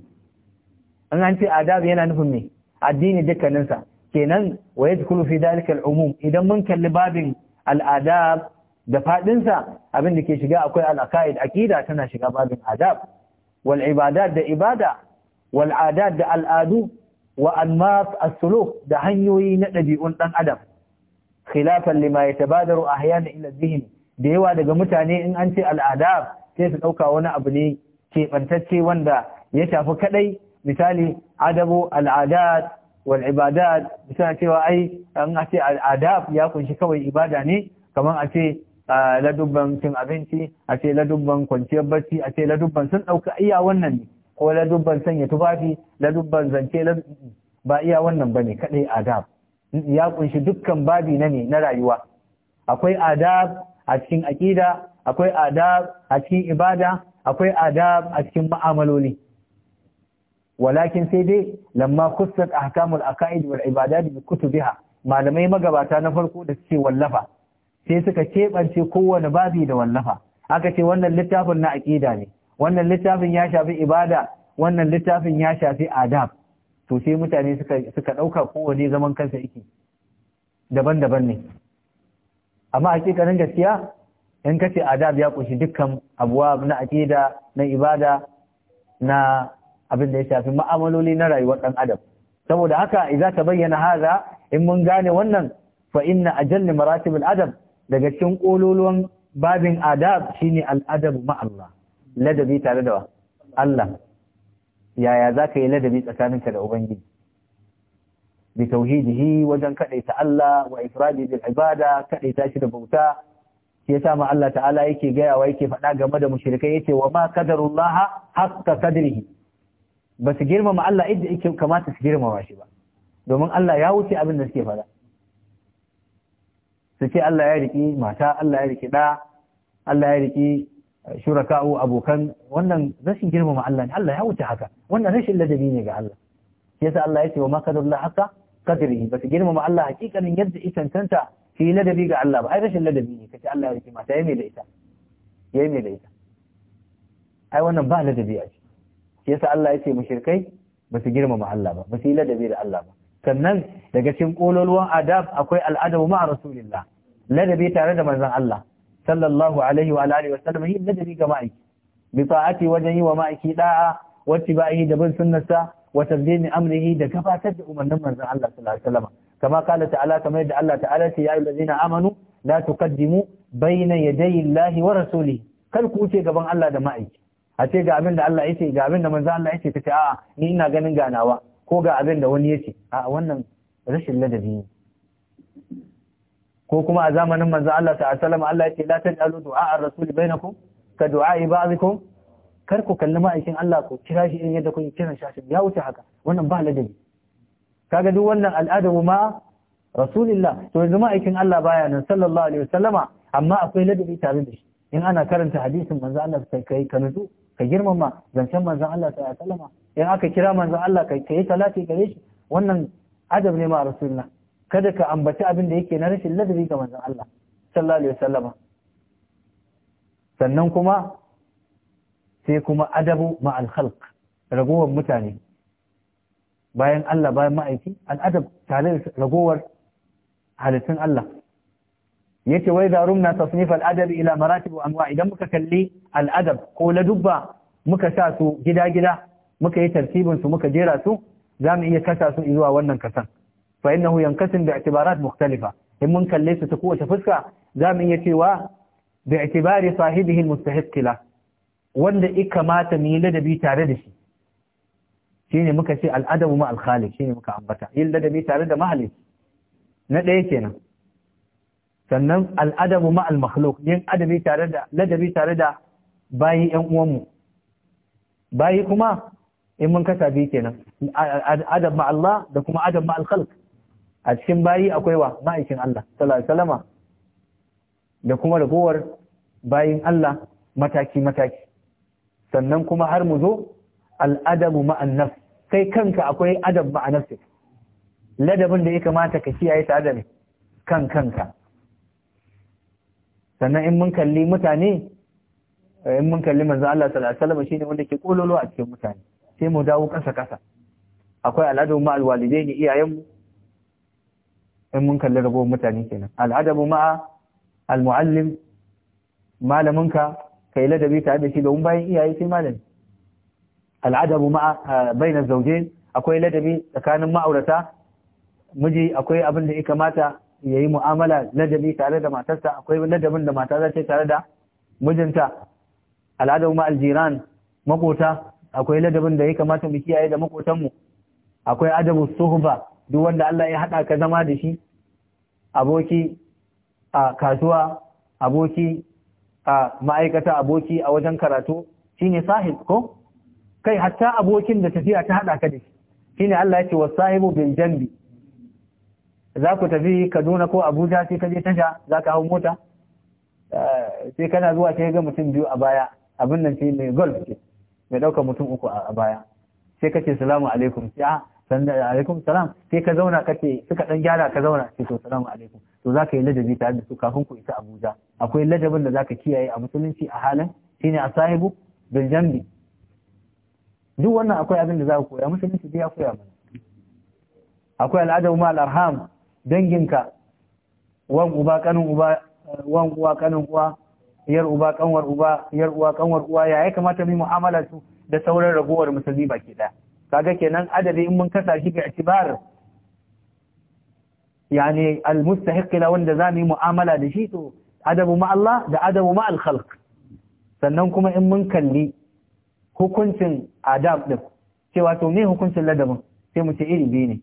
an an ce adab yana nufin me addini dukkaninsa kenan wa yadkhulu fi dalikar umum idan mun kalli babin al'ada da faɗinsa abin da ke shiga akwai al-aqaid tana shiga babin adab wal ibadat da ibada wal da al'adu wa almas as-suluk da hanyoyi na ɗabi'un ɗan adam khilafan lima a ahyana ila dhihn da yawa daga mutane in an ce al'adab sai su ɗauka wani abu ne keɓantacce wanda ya shafi kaɗai misali adabu al'adat wal ibadat bisa cewa ai an ce al'adab ya kunshi kawai ibada ne kamar a ce ladubban cin abinci a ce ladubban kwanciyar barci a ce ladubban sun ɗauka iya wannan ne ko ladubban sanya tufafi ladubban zance ba iya wannan ne kadai adab ya kunshi dukkan babi na ne na rayuwa akwai adab a cikin aƙida akwai adab a cikin ibada akwai adab a cikin ma'amaloli walakin sai dai lamma kussat ahkamul aqaid wal ibadat bi kutubiha malamai magabata na farko da suke wallafa sai suka keɓance kowane babi da wallafa aka ce wannan littafin na aqida ne wannan littafin ya shafi ibada wannan littafin ya shafi adab to sai mutane suka ɗauka kowane zaman kansa yake daban-daban ne amma hakikanin gaskiya in kace adab ya ƙunshi dukkan abuwa na aƙida na ibada na abin da ya shafi ma'amaloli na rayuwar ɗan adam saboda haka idan ka bayyana haza in mun gane wannan fa inna ajalli maratibul adab daga cikin kololuwan babin adab shine al'adab ma Allah ladabi tare da Allah yaya zaka yi ladabi tsakaninka da ubangiji bi tauhidihi wajen kadaita Allah wa ifradi bil ibada kadaita shi da bauta shi yasa ma Allah ta'ala yake gayawa yake faɗa game da mushrikai yace wa ma qadarullaha haqqa qadrihi ba su girmama Allah yadda yake kamata su girmama shi ba domin Allah ya wuce abin da suke fada su ce Allah ya riki mata Allah ya riki ɗa Allah ya riki eh, shuraka'u abokan wannan rashin girmama Allah ne Allah ya wuce haka wannan rashin ladabi ne ga Allah shi yasa Allah ya ce wa ma kadarullah haka kadri ba su girmama Allah hakikanin yadda ya tantanta shi ladabi ga Allah ba ai rashin ladabi ne kace Allah ya riki mata yayi mai da ita yayi mai da ita ai wannan ba ladabi a yasa Allah ya ce mushrikai ba su girmama Allah ba ba su yi ladabi da Allah ba sannan daga cikin kololuwan adab akwai al'adabu a rasulillah ladabi tare da manzon Allah sallallahu alaihi wa alihi wa sallam yi ladabi ga ma'aiki bi ta'ati wajen yi wa ma'aiki da'a wa yi da bin sunnarsa wa tabdini amrihi da gabatar da umarnin manzon Allah sallallahu alaihi wa sallam kama kala ta'ala kamar yadda Allah ta'ala ce ya ayyuhallazina amanu la tuqaddimu bayna yadayi Allahi wa rasulihi kar ku wuce gaban Allah da ma'aiki a ce ga abin da Allah yake ga abin da manzo Allah yake kace a'a ni ina ganin ganawa ko ga abin da wani yake a'a wannan rashin ladabi ne ko kuma a zamanin manzo Allah ta sallam Allah yake la taj'alu du'a ar-rasul bainakum ka du'a ba'dikum kar ku kalli ma'aikin Allah ku kira shi in yadda kun kira shi ya wuce haka wannan ba ladabi kaga duk wannan al'adabu ma rasulillah to yanzu ma'aikin Allah baya nan sallallahu alaihi wasallama amma akwai ladabi tare da shi in ana karanta hadisin manzo Allah sai kai ka nutsu ka girmama zancen manzan Allah ta alaihi in aka kira manzan Allah ka yi ka gare shi wannan adab ne ma rasulullah kada ka ambaci abin da yake na rashin ladabi ga manzan Allah sallallahu alaihi wasallama sannan kuma sai kuma adabu ma al-khalq ragowar mutane bayan Allah bayan ma'aiki al'adab tare ragowar halittun Allah yace wai da rumna tasnif al-adab ila maratib wa anwa idan muka kalli al-adab ko ladubba muka sa su gida-gida muka yi tartibin su muka jera su za mu iya kasa su zuwa wannan kasan fa innahu yanqasim bi i'tibarat mukhtalifa in mun kalle su ta kowace fuska za mu iya cewa bi i'tibari sahibihi al-mustahiq la wanda ya kamata mu yi ladabi tare da shi shine muka ce al-adabu ma al-khaliq shine muka ambata yin ladabi tare da mahalici na ɗaya kenan sannan al'adabu ma’al makhluk yin adabi tare da ladabi tare da bayi ƴan uwanmu bayi kuma in mun kasa biyu kenan adab ma Allah da kuma adab ma al-khalq a cikin bayi akwai wa ma'aikin Allah salama alaihi da kuma ragowar bayin Allah mataki mataki sannan kuma har mu zo al'adabu ma'an Sai kai kanka akwai adab ma'an ladabin da ya kamata ka kiyaye tare da kan kanka sannan in mun kalli mutane eh, in mun kalli manzo Allah sallallahu alaihi wasallam shine wanda ke kololo a cikin mutane sai mu dawo kasa kasa akwai al'adu ma iyayen iyayenmu in mun kalli rabo mutane kenan al'adabu ma almuallim malaminka kai ladabi tare da shi domin bayan iyaye sai malami al'adabu ma eh, bainaz zawjain akwai ladabi tsakanin ma'aurata miji akwai abin da ya kamata ya yi mu'amala ladabi tare da matarsa akwai ladabin da mata za ta yi tare da mijinta al'adar ma aljiran makota akwai ladabin da ya kamata mu kiyaye da makotanmu akwai adabu suhba duk wanda Allah ya haɗa ka zama da shi aboki a kasuwa aboki a ma'aikata aboki a wajen karatu shine sahib ko kai hatta abokin da tafiya ta haɗa ka da shi shine Allah ya ce wasahibu bil janbi za ku tafi kaduna ko abuja sai ka je tasha za ka hau mota eh, sai kana zuwa sai ga mutum biyu a baya abin nan sai mai golf ce mai ɗauka mutum uku a baya sai ka ce salamu alaikum sai a sanda alaikum salam sai ka zauna ka ce suka ɗan gyara ka zauna sai to salamu alaikum to za ka yi ladabi tare da su kafin ku isa abuja akwai ladabin da za ka kiyaye a musulunci a halin shine a sahibu bil jambi duk wannan akwai abin da za ka koya musulunci dai ya koya mana akwai al'adabu ma al'arham danginka wan uba kanin uba wan uwa kanin uwa yar uba kanwar uba yar uwa kanwar uwa ya ya kamata mu mu'amala su da sauran ragowar musulmi baki daya kaga kenan adadi in mun kasa shi ga itibar yani almustahiq la wanda zamu mu'amala da shi to adabu ma Allah da adabu ma al-khalq sannan kuma in mun kalli hukuncin adab din cewa to me hukuncin ladabin sai mu ce iri biyu ne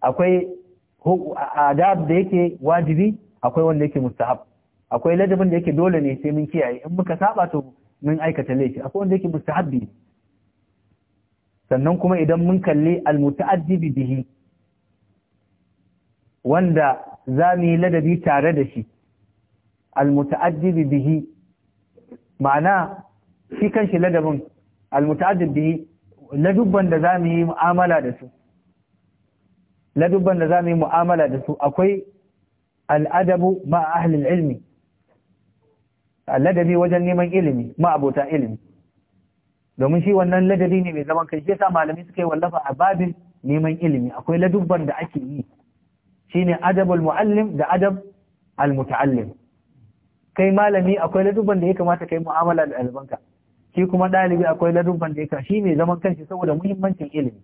akwai ko adab da yake wajibi akwai wanda yake mustahab akwai ladabin da yake dole ne sai mun kiyaye in muka saba to mun aikata laifi akwai wanda yake mustahabbi sannan kuma idan mun kalli almutaaddibi bihi wanda za mu yi ladabi tare da shi almutaaddibi bihi ma'ana shi kan shi ladabin almutaaddibi bihi ladubban da za mu yi mu'amala da su ladubban da za mu yi mu'amala da su akwai al'adabu ma ahlil ilmi ladabi wajen neman ilimi ma abota ilimi domin shi wannan ladabi ne mai zaman kai shi sa malami suka yi wallafa a babin neman ilimi akwai ladubban da ake yi Shi ne adabul muallim da adab almuta'allim kai malami akwai ladubban da ya kamata kai mu'amala da ɗalibanka shi kuma ɗalibi akwai ladubban da ya kamata shi mai zaman kanshi saboda muhimmancin ilimi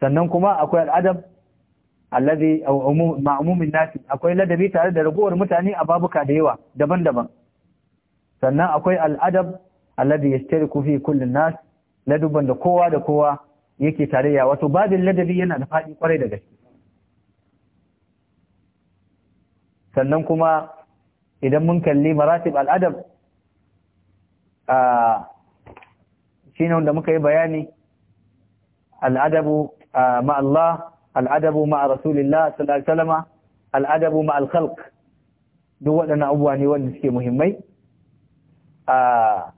sannan kuma akwai al'adab allazi ma'mumin nas akwai ladabi tare da ragowar mutane a babuka da yawa daban-daban sannan akwai al'adab allazi yashtariku fi kullin nas ladaban da kowa da kowa yake tarayya wato babin ladabi yana da faɗi kwarai da gaske sannan kuma idan mun kalli maratib al'adab a shine wanda muka yi bayani al'adabu مع الله الأدب مع رسول الله صلى الله عليه وسلم الأدب مع الخلق duk waɗannan abubuwa ne wanda suke muhimmai a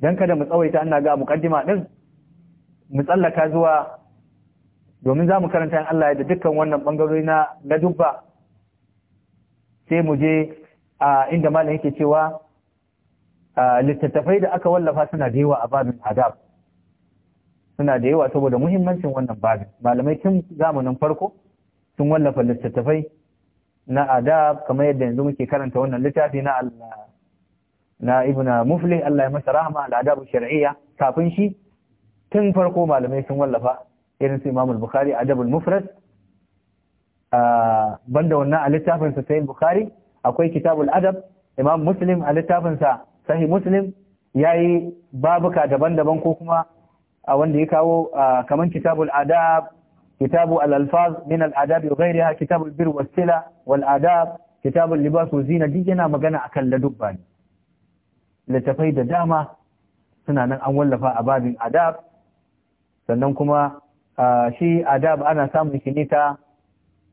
don kada mu tsawaita ana ga mukaddima ɗin mu tsallaka zuwa domin za mu karanta in Allah da dukkan wannan ɓangarori na na dubba sai mu je a inda malam yake cewa littattafai da aka wallafa suna da yawa a babin adab suna da yawa saboda muhimmancin wannan babin malamai tun zamanin farko sun wallafa littattafai na adab kamar yadda yanzu muke karanta wannan littafi na na ibn mufli Allah ya masa rahama al-adab shar'iyya kafin shi tun farko malamai sun wallafa irin su Imam al-Bukhari adabul mufrad banda wannan a littafin sa sahih Bukhari akwai kitabul adab Imam Muslim a littafin sa sahih Muslim yayi babuka daban-daban ko kuma A wanda ya kawo kaman kitabul adab kitabu al-alfaz min al-adab wa ghayriha kitabul bir wa sila wal adab kitabul libas wa zina duk yana magana akan ladubba ne littafai da dama suna nan an wallafa a babin adab sannan kuma shi adab ana samun shi ne ta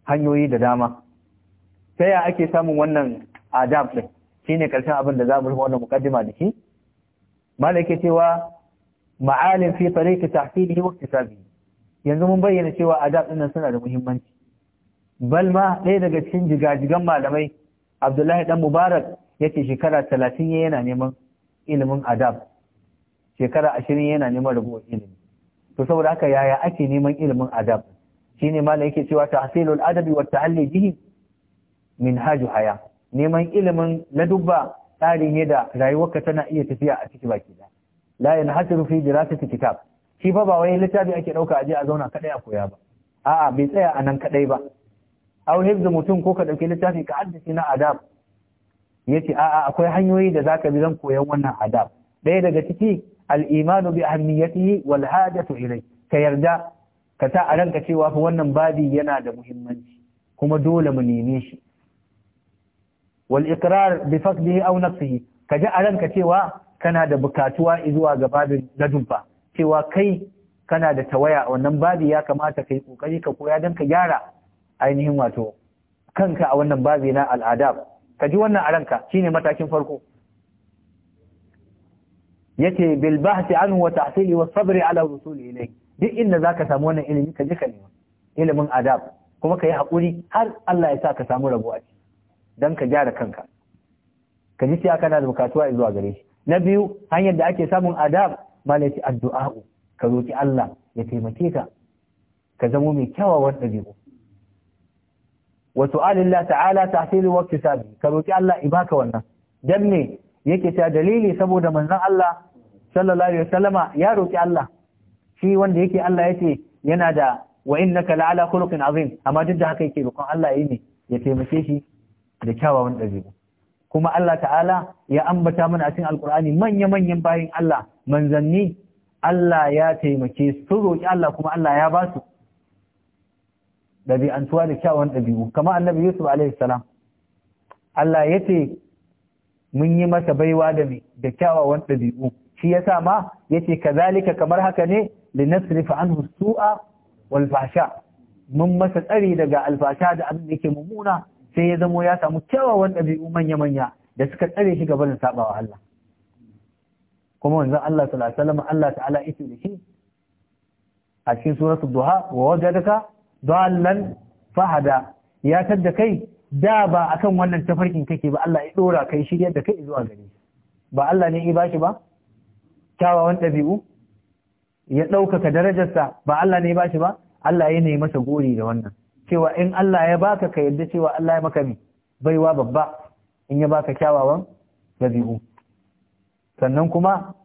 hanyoyi da dama ta ya ake samun wannan adab din shine karshen abin da za mu rufe wannan mukaddima da shi malaka cewa ma'alim fi tariqi tahsilihi wa iktisabihi yanzu mun bayyana cewa adab din suna da muhimmanci bal ma ɗaya daga cikin jigajigan malamai Abdullahi dan Mubarak yake shekara 30 yana neman ilimin adab shekara 20 yana neman rubuwar ilimi to saboda haka yaya ake neman ilimin adab shine malam yake cewa tahsilul adabi wa ta'alli bihi minhaju haya neman ilimin ladubba tsari ne da rayuwarka tana iya tafiya a cikin baki daya la yanhasiru fi dirasati kitab shi ba wai littafi ake dauka aje a zauna kaɗai a koya ba a'a bai tsaya a nan kadai ba aw hifzu mutum ko ka ɗauki littafi ka haddace na adab yace a'a akwai hanyoyi da za ka bi zan koyan wannan adab daya daga ciki al-imanu bi ahammiyatihi wal hajatu ilayhi ka yarda ka sa a ranka cewa fa wannan babi yana da muhimmanci kuma dole mu neme shi wal iqrar bi faqdihi aw nafsihi ka ji a ranka cewa kana da bukatuwa zuwa ga babin ladubba cewa kai kana da tawaya a wannan babi ya kamata kai kokari ka koya don ka gyara ainihin wato kanka a wannan babi na al'adab ka ji wannan a ranka shine matakin farko yace bil bahthi an wa tahsili wa sabri ala rusuli ilayhi duk inda zaka samu wannan ilimi ka ji ka nema ilimin adab kuma ka yi haƙuri har Allah ya sa ka samu rabuwa ce don ka gyara kanka ka ji cewa kana da bukatuwa zuwa gare shi na biyu hanyar da ake samun adab malaci addu'a'u ka roki Allah ya taimake ka ka zamo mai kyawawan ɗabi'u wa su'alillah ta'ala tahsilu wa kisabi ka roki Allah ibaka wannan dan ne yake ta dalili saboda manzon Allah sallallahu alaihi wasallama ya roki Allah shi wanda yake Allah yace yana da wa innaka la'ala khuluqin azim amma duk da haka yake roƙon Allah yayi ne ya taimake shi da kyawawan ɗabi'u kuma Allah ta'ala ya ambata mana a cikin alkur'ani manya-manyan bayin Allah manzanni Allah ya taimake su roƙi Allah kuma Allah ya ba su ɗabi'antuwa da kyawun ɗabi'u kamar annabi Yusuf alaihi Allah ya ce mun yi masa baiwa da da kyawawan ɗabi'u shi yasa ma yace kazalika kamar haka ne linasrifa anhu su'a wal walfasha. mun masa tsari daga alfasha da abin da yake mummuna sai ya zamo ya samu kyawawan ɗabi'u manya-manya da suka tsare shi da sabawa Allah kuma wanzu Allah sallallahu alaihi Allah ta'ala yake da shi a cikin suratu duha wa wajadaka dallan fahada ya da kai da ba akan wannan tafarkin kake ba Allah ya dora kai shiryar da kai zuwa gare ba Allah ne ya ba kyawawan ɗabi'u ya ɗaukaka darajarsa ba Allah ne ya shi ba Allah ya ne masa gori da wannan cewa in Allah ya baka ka yadda cewa Allah ya maka ne baiwa babba in ya baka kyawawan dabi'u sannan kuma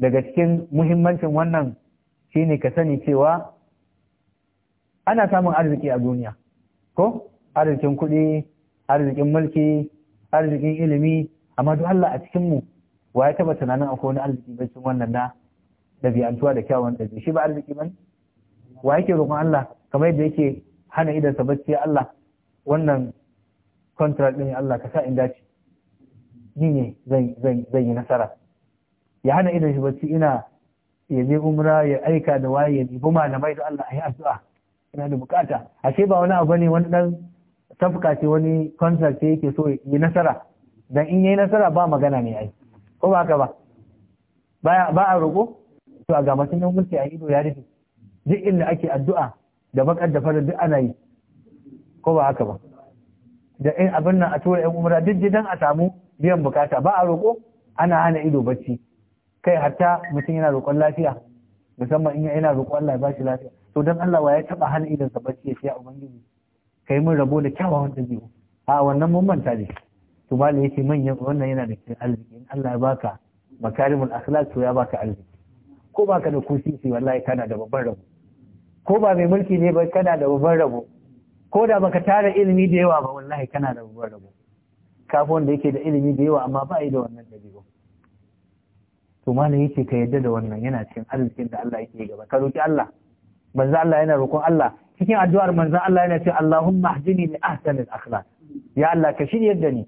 daga cikin muhimmancin wannan shine ka sani cewa ana samun arziki a duniya ko arzikin kuɗi arzikin mulki arzikin ilimi amma duk Allah a cikin mu wa ya taba tunanin akwai wani arziki cikin wannan na dabi'antuwa da kyawawan dabi'u? shi ba arziki ba wa yake roƙon Allah kamar yadda yake hana idan bacci Allah wannan contract din Allah ka sa in dace ni ne zan yi nasara ya hana idan shi bacci ina ya je umra ya aika da waye ya bi malamai da Allah yi addu'a ina da bukata ashe ba wani abu ne wani dan tafka ce wani contract ce yake so yi nasara dan in yayi nasara ba magana ne ai ko ba haka ba ba a roƙo to a ga mutum mulki a ido ya rufe duk inda ake addu'a da bakar da fara duk ana yi ko ba haka ba da in abin nan a tura yan umara duk gidan a samu biyan bukata ba a roƙo ana hana ido bacci kai hatta mutum yana roƙon lafiya musamman in yana roƙon Allah ya ba shi lafiya to dan Allah wa ya taba hana idon sa bacci ya fiya ubangiji kai mun rabo da kyawawan dabi'u a wannan mun manta ne to bala yace manyan wannan yana da cikin arziki in Allah ya baka makarimul akhlaq to ya baka arziki ko baka da sai wallahi kana da babban rabo ko ba mai mulki ne ba kana da babban rabo ko da baka tara ilimi da yawa ba wallahi kana da babban rabo kafin da yake da ilimi da yawa amma ba yi da wannan dabi'u to malam yake ka yadda da wannan yana cikin arzikin da Allah yake gaba ka roki Allah manzo Allah yana roƙon Allah cikin addu'ar manzo Allah yana cewa Allahumma hdini li ahsanil akhlaq ya Allah ka shiryar yadda ni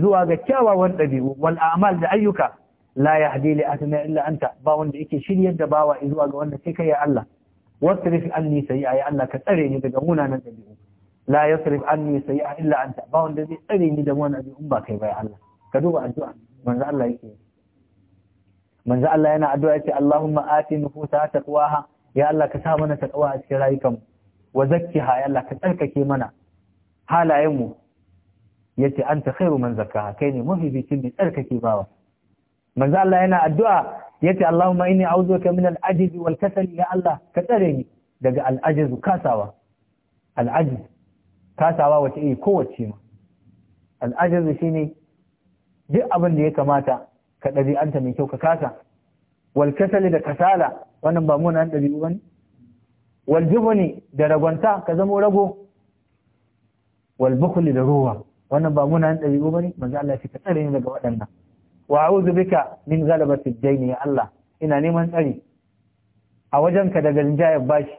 zuwa ga kyawawan dabi'u wal a'mal da ayyuka la yahdi li ahsana illa anta ba wanda yake shiryar da bawa zuwa ga wanda sai kai ya Allah wasrif anni sayyi'a ya Allah ka tsare ni daga munanan dabi'u la yasrif anni sayyi'a illa anta ba wanda zai tsare ni daga munanan dabi'un ba kai ba ya Allah ka duba addu'a manzo Allah yake manzo Allah yana addu'a yace Allahumma ati nufusa taqwaha ya Allah ka sa mana taqwa a cikin rayukan wa zakkiha ya Allah ka tsarkake mana halayenmu mu yace anta khairu man zakkaha kai ne mafi bikin da tsarkake bawa manzo Allah yana addu'a yace Allahumma inni a'udhuka min al-ajzi wal kasal ya Allah ka tsare ni daga al-ajz kasawa al-ajz kasawa wace eh kowace ma al-ajz shine duk abin da ya kamata ka ɗabi'anta mai kyau ka kasa wal kasal da kasala wannan ba munan ɗabi'u bane wal jubni da ragwanta ka zamo rago wal bukhli da ruwa wannan ba munan ɗabi'u bane manzo Allah ya ka tsare ni daga waɗannan wa a'udhu bika min ghalabati ad ya Allah ina neman tsari a wajen wajenka daga rinjayar bashi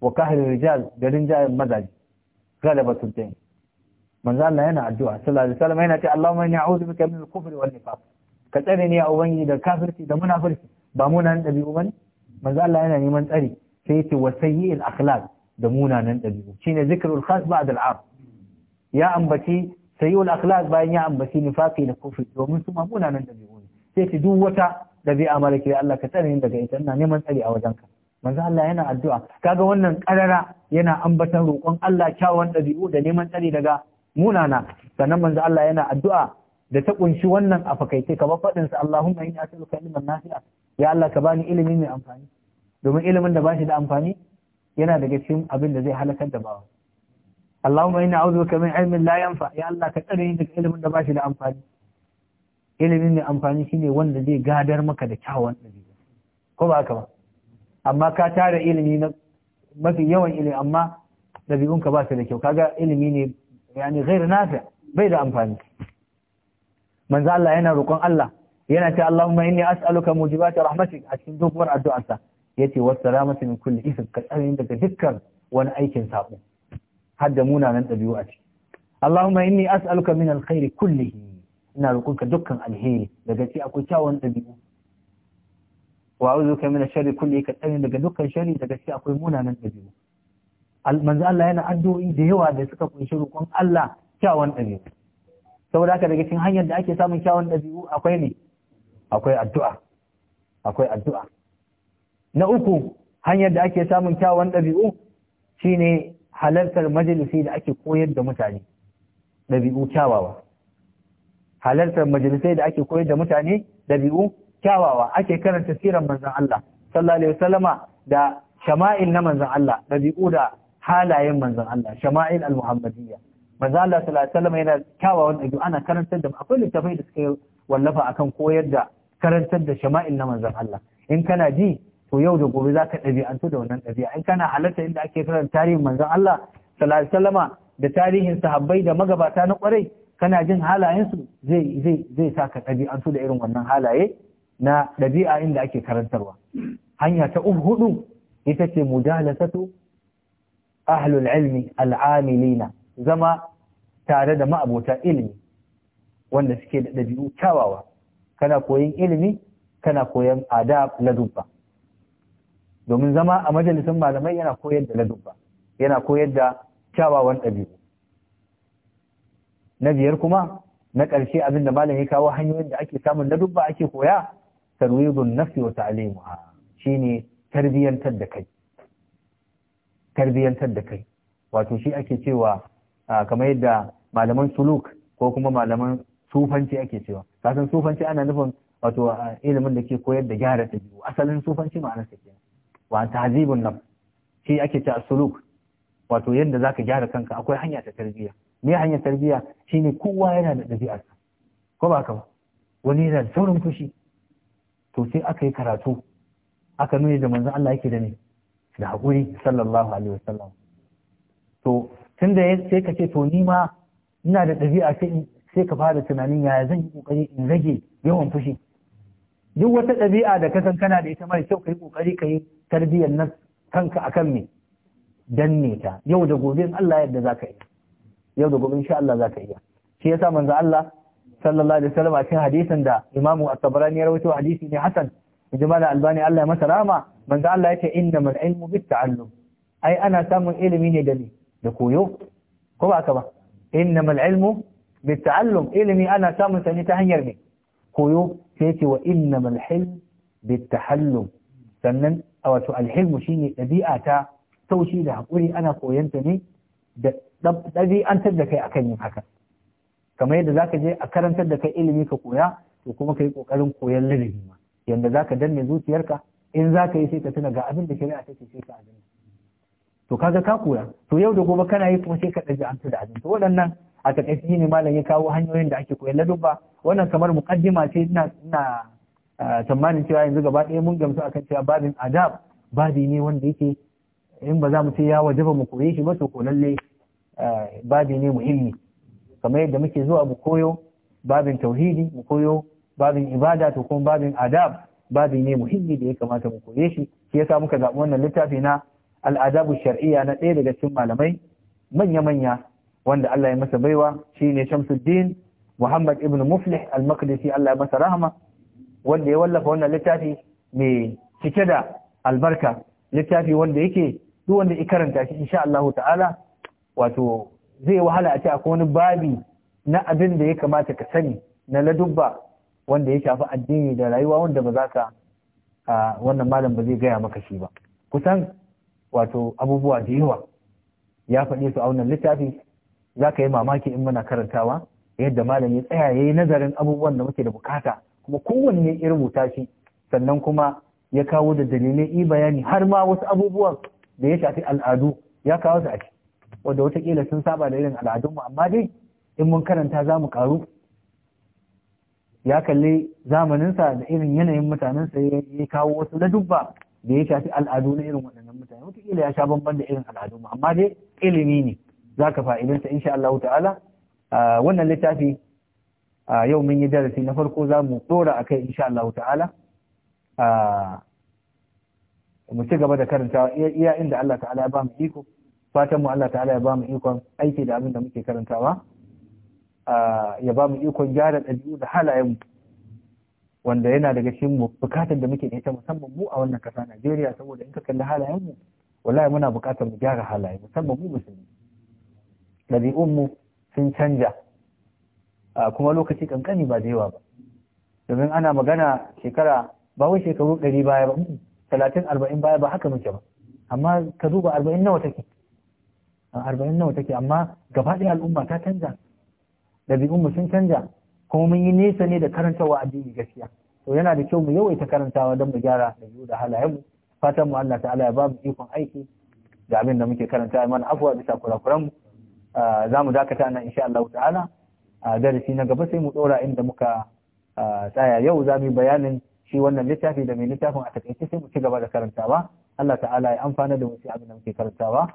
wa kahrir rijal da rinjayar mazaji ghalabati ad-dayn manzo Allah yana addu'a sallallahu alaihi wasallam yana ce Allahumma inni a'udhu bika min al-kufri wal nifaq ka tsare ni a ubangiji da kafirci da munafirci ba munanan dabi'u bane manzo Allah yana neman tsari sai yace wa sayyi'il akhlaq da munanan dabi'u shine zikrul khas ba'da al-'am ya ambaci sayyul akhlaq bayan ya ambaci nifaqi da kufri domin su mamuna nan dabi'u ne sai ki duk wata dabi'a mara da Allah ka tsare ni daga ita ina neman tsari a ka. manzo Allah yana addu'a kaga wannan karara yana ambatan roƙon Allah kyawun dabi'u da neman tsari daga munana sannan manzo Allah yana addu'a da ta kunshi wannan a fakaice kamar faɗin sa Allahumma inni as'aluka ilman nafi'a ya Allah ka bani ilimi mai amfani domin ilimin da bashi da amfani yana daga cikin abin da zai halakar da bawa Allahumma ina a'udhu bika min ilmin la yanfa ya Allah ka tsare ni daga ilimin da bashi da amfani ilimin mai amfani shine wanda zai gadar maka da kyawun ɗabi'a ko ba haka ba amma ka tara ilimi na mafi yawan ilimi amma ɗabi'unka ba su da kyau kaga ilimi ne yani ghair nafi bai da amfani manzo Allah yana roƙon Allah yana ce Allahumma inni as'aluka mujibati rahmatik a cikin dukkan addu'arsa yace wassalamu min kulli ismin ka tsare daga dukkan wani aikin sabo Hadda da munanan ɗabi'u a ciki Allahumma inni as'aluka min alkhairi kullihi ina roƙonka dukkan alheri daga ci akwai kyawun ɗabi'u wa a'udhuka min ash-sharri kullihi ka tsare daga dukkan sharri daga ci akwai munanan ɗabi'u manzo Allah yana addu'o'i da yawa da suka kunshi roƙon Allah kyawun ɗabi'u saboda haka daga cikin hanyar da ake samun kyawun ɗabi'u akwai ne akwai addu'a akwai addu'a na uku hanyar da ake samun kyawun ɗabi'u shine halartar majalisi da ake koyar da mutane ɗabi'u kyawawa halartar majalisai da ake koyar da mutane ɗabi'u kyawawa ake karanta siran manzon Allah sallallahu alaihi wasallama da shama'il na manzon Allah ɗabi'u da halayen manzon Allah shama'il al-muhammadiyya manzon Allah sallallahu alaihi wasallama yana kyawawan ɗabi'u ana karantar da akwai littafai da suka wallafa akan koyar da karantar da shama'il na manzon Allah in kana ji to yau da gobe za ka ɗabi'antu da wannan ɗabi'a in kana halatta inda ake karanta tarihin manzon Allah sallallahu alaihi da tarihin sahabbai da magabata na kwarai kana jin halayensu zai zai zai saka ɗabi'antu da irin wannan halaye na ɗabi'a inda ake karantarwa hanya ta hudu ita ce mujalasatu ahlul ilmi al'amilina zama tare da ma'abota ilimi wanda suke da ɗabi'u kyawawa kana koyon ilimi kana koyon adab na dubba domin zama a majalisun malamai yana koyar da ladubba yana koyar da kyawawan ɗabi'u na biyar kuma na ƙarshe abin da malam ya kawo hanyoyin da ake samun ladubba ake koya tarwidun nafsi wa ta'limuha shine tarbiyantar da kai tarbiyantar da kai wato shi ake cewa kamar yadda malaman suluk ko kuma malaman sufanci ake cewa kasan sufanci ana nufin wato ilimin da ke koyar da gyara ɗabi'u asalin sufanci ma'anar sa kenan wa tahzibun nafs shi ake ta suluk wato yadda zaka gyara kanka akwai hanya ta tarbiyya me hanyar tarbiyya shine kowa yana da ɗabi'arsa ko ba ba wani yana da saurin fushi to sai aka yi karatu aka nuna da manzon Allah yake da ni da hakuri, sallallahu alaihi wasallam to tunda sai ka ce to ni ma ina da ɗabi'a sai ka fara tunanin yaya zan yi ƙoƙari in rage yawan fushi duk wata ɗabi'a da ka san kana da ita mara kyau ka yi ƙoƙari ka yi tarbiyyar na kanka akan me danne ta yau da gobe in Allah yadda za ka iya. yau da gobe insha Allah za ka iya shi yasa manzo Allah sallallahu alaihi wasallam a cikin hadisin da Imam At-Tabarani ya rawaito hadisi ne hasan Ijma da Albani Allah ya masa rahama manzo Allah ya ce man ilmu bit ta'allum ai ana samun ilimi ne da ni da koyo ko ba ka ba man ilmu bit ta'allum ilimi ana samun sa ne ta hanyar ne koyo sai ce wa innamal hilm bitahallum sannan a wato alhilmu shine ɗabi'a ta taushi da hakuri ana koyanta ne da ɗabi'antar da kai akan yin haka kamar yadda zaka je a karantar da kai ilimi ka koya to kuma kai kokarin koyan ladabi ma yanda zaka danne zuciyarka in zaka yi sai ka tuna ga abin da shari'a take sai ka abin to kaga ka koya to yau da gobe kana yi kuma sai ka ɗabi'antar da abin waɗannan a takaice ne malam ya kawo hanyoyin da ake koyan ladubba wannan kamar muqaddima ce ina ina tsammanin cewa yanzu gaba ɗaya mun gamsu akan cewa babin adab babi ne wanda yake in ba za mu ce ya wajaba mu koye shi ba to ko lalle babi ne muhimmi kamar yadda muke zuwa mu koyo babin tauhidi mu koyo babin ibada to kuma babin adab babi ne muhimmi da ya kamata mu koye shi shi yasa muka zaɓi wannan littafi na al'adabu shar'iyya na ɗaya daga cikin malamai manya-manya wanda Allah ya masa baiwa shine Shamsuddin Muhammad ibn Muflih al-Maqdisi Allah ya masa rahama wanda ya wallafa wannan littafi mai cike da albarka littafi wanda yake duk wanda ya karanta shi insha Allah ta'ala wato zai wahala a ce akwai wani babi na abin da ya kamata ka sani na ladubba wanda ya shafi addini da rayuwa wanda ba za ka wannan malam ba zai gaya maka shi ba kusan wato abubuwa da yawa ya faɗi su a wannan littafi za ka yi mamaki in muna karantawa yadda malam ya tsaya ya yi nazarin abubuwan da muke da bukata kuma kowanne ya rubuta shi sannan kuma ya kawo da dalilai i bayani har ma wasu abubuwan da ya shafi al'adu ya kawo su a ciki wanda wataƙila sun saba da irin al'adunmu amma dai in mun karanta za mu karu ya kalli zamaninsa da irin yanayin mutanensa ya kawo wasu ladubba da ya shafi al'adu na irin waɗannan mutane Wataƙila ya sha bamban da irin al'adunmu amma dai ilimi ne za ka fa'idanta insha Allah ta'ala wannan littafi a yau mun yi darasi na farko za mu ɗora a kai insha Allah ta'ala mu ci gaba da karantawa iya inda Allah ta'ala ya ba mu iko fatan mu Allah ta'ala ya ba mu ikon aiki da abin da muke karantawa ya ba mu ikon gyara ɗabi'u da halayenmu wanda yana daga cikin bukatar da muke da ita musamman mu a wannan kasa Najeriya saboda in ka kalli halayenmu wallahi muna bukatar mu gyara halaye musamman mu musulmi ɗabi'unmu sun canja a kuma lokaci ƙanƙani ba da yawa ba domin ana magana shekara ba wai shekaru ɗari baya ba talatin arba'in baya ba haka muke ba amma ka duba arba'in nawa take arba'in nawa take amma gaba ɗaya al'umma ta canja ɗabi'unmu sun canja kuma mun yi nesa ne da karantawa addini gaskiya to yana da kyau mu yawaita karantawa don mu gyara da ɗabi'u da halayenmu fatan mu Allah ta'ala ya ba mu ikon aiki da abin da muke karanta mana afuwa bisa kurakuranmu Ah, za mu dakata nan insha Allah ta'ala a ah, darasi na gaba sai mu dora inda muka ah, tsaya yau za mu bayanin shi wannan littafi da mai littafin a takaice sai mu ci gaba da karantawa Allah ta'ala ya amfana da mu sai abin da muke karantawa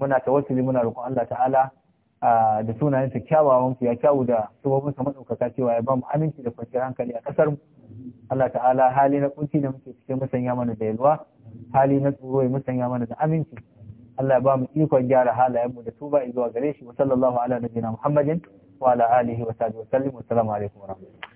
muna ta tawassuli muna roƙon Allah ta'ala da sunayen sa kyawawan ya kyawu da sabobin sa madaukaka cewa ya ba mu aminci da kwanciyar hankali a kasar mu Allah ta'ala hali na kunci da muke cikin musanya mana da yalwa hali na tsoro ya musanya mana da aminci Allah ya ba mu ikon gyara halayenmu da tuba zuwa gare shi wa sallallahu ala nabiyina Muhammadin wa ala alihi wa sahbihi wa sallam wa assalamu alaikum wa rahmatullahi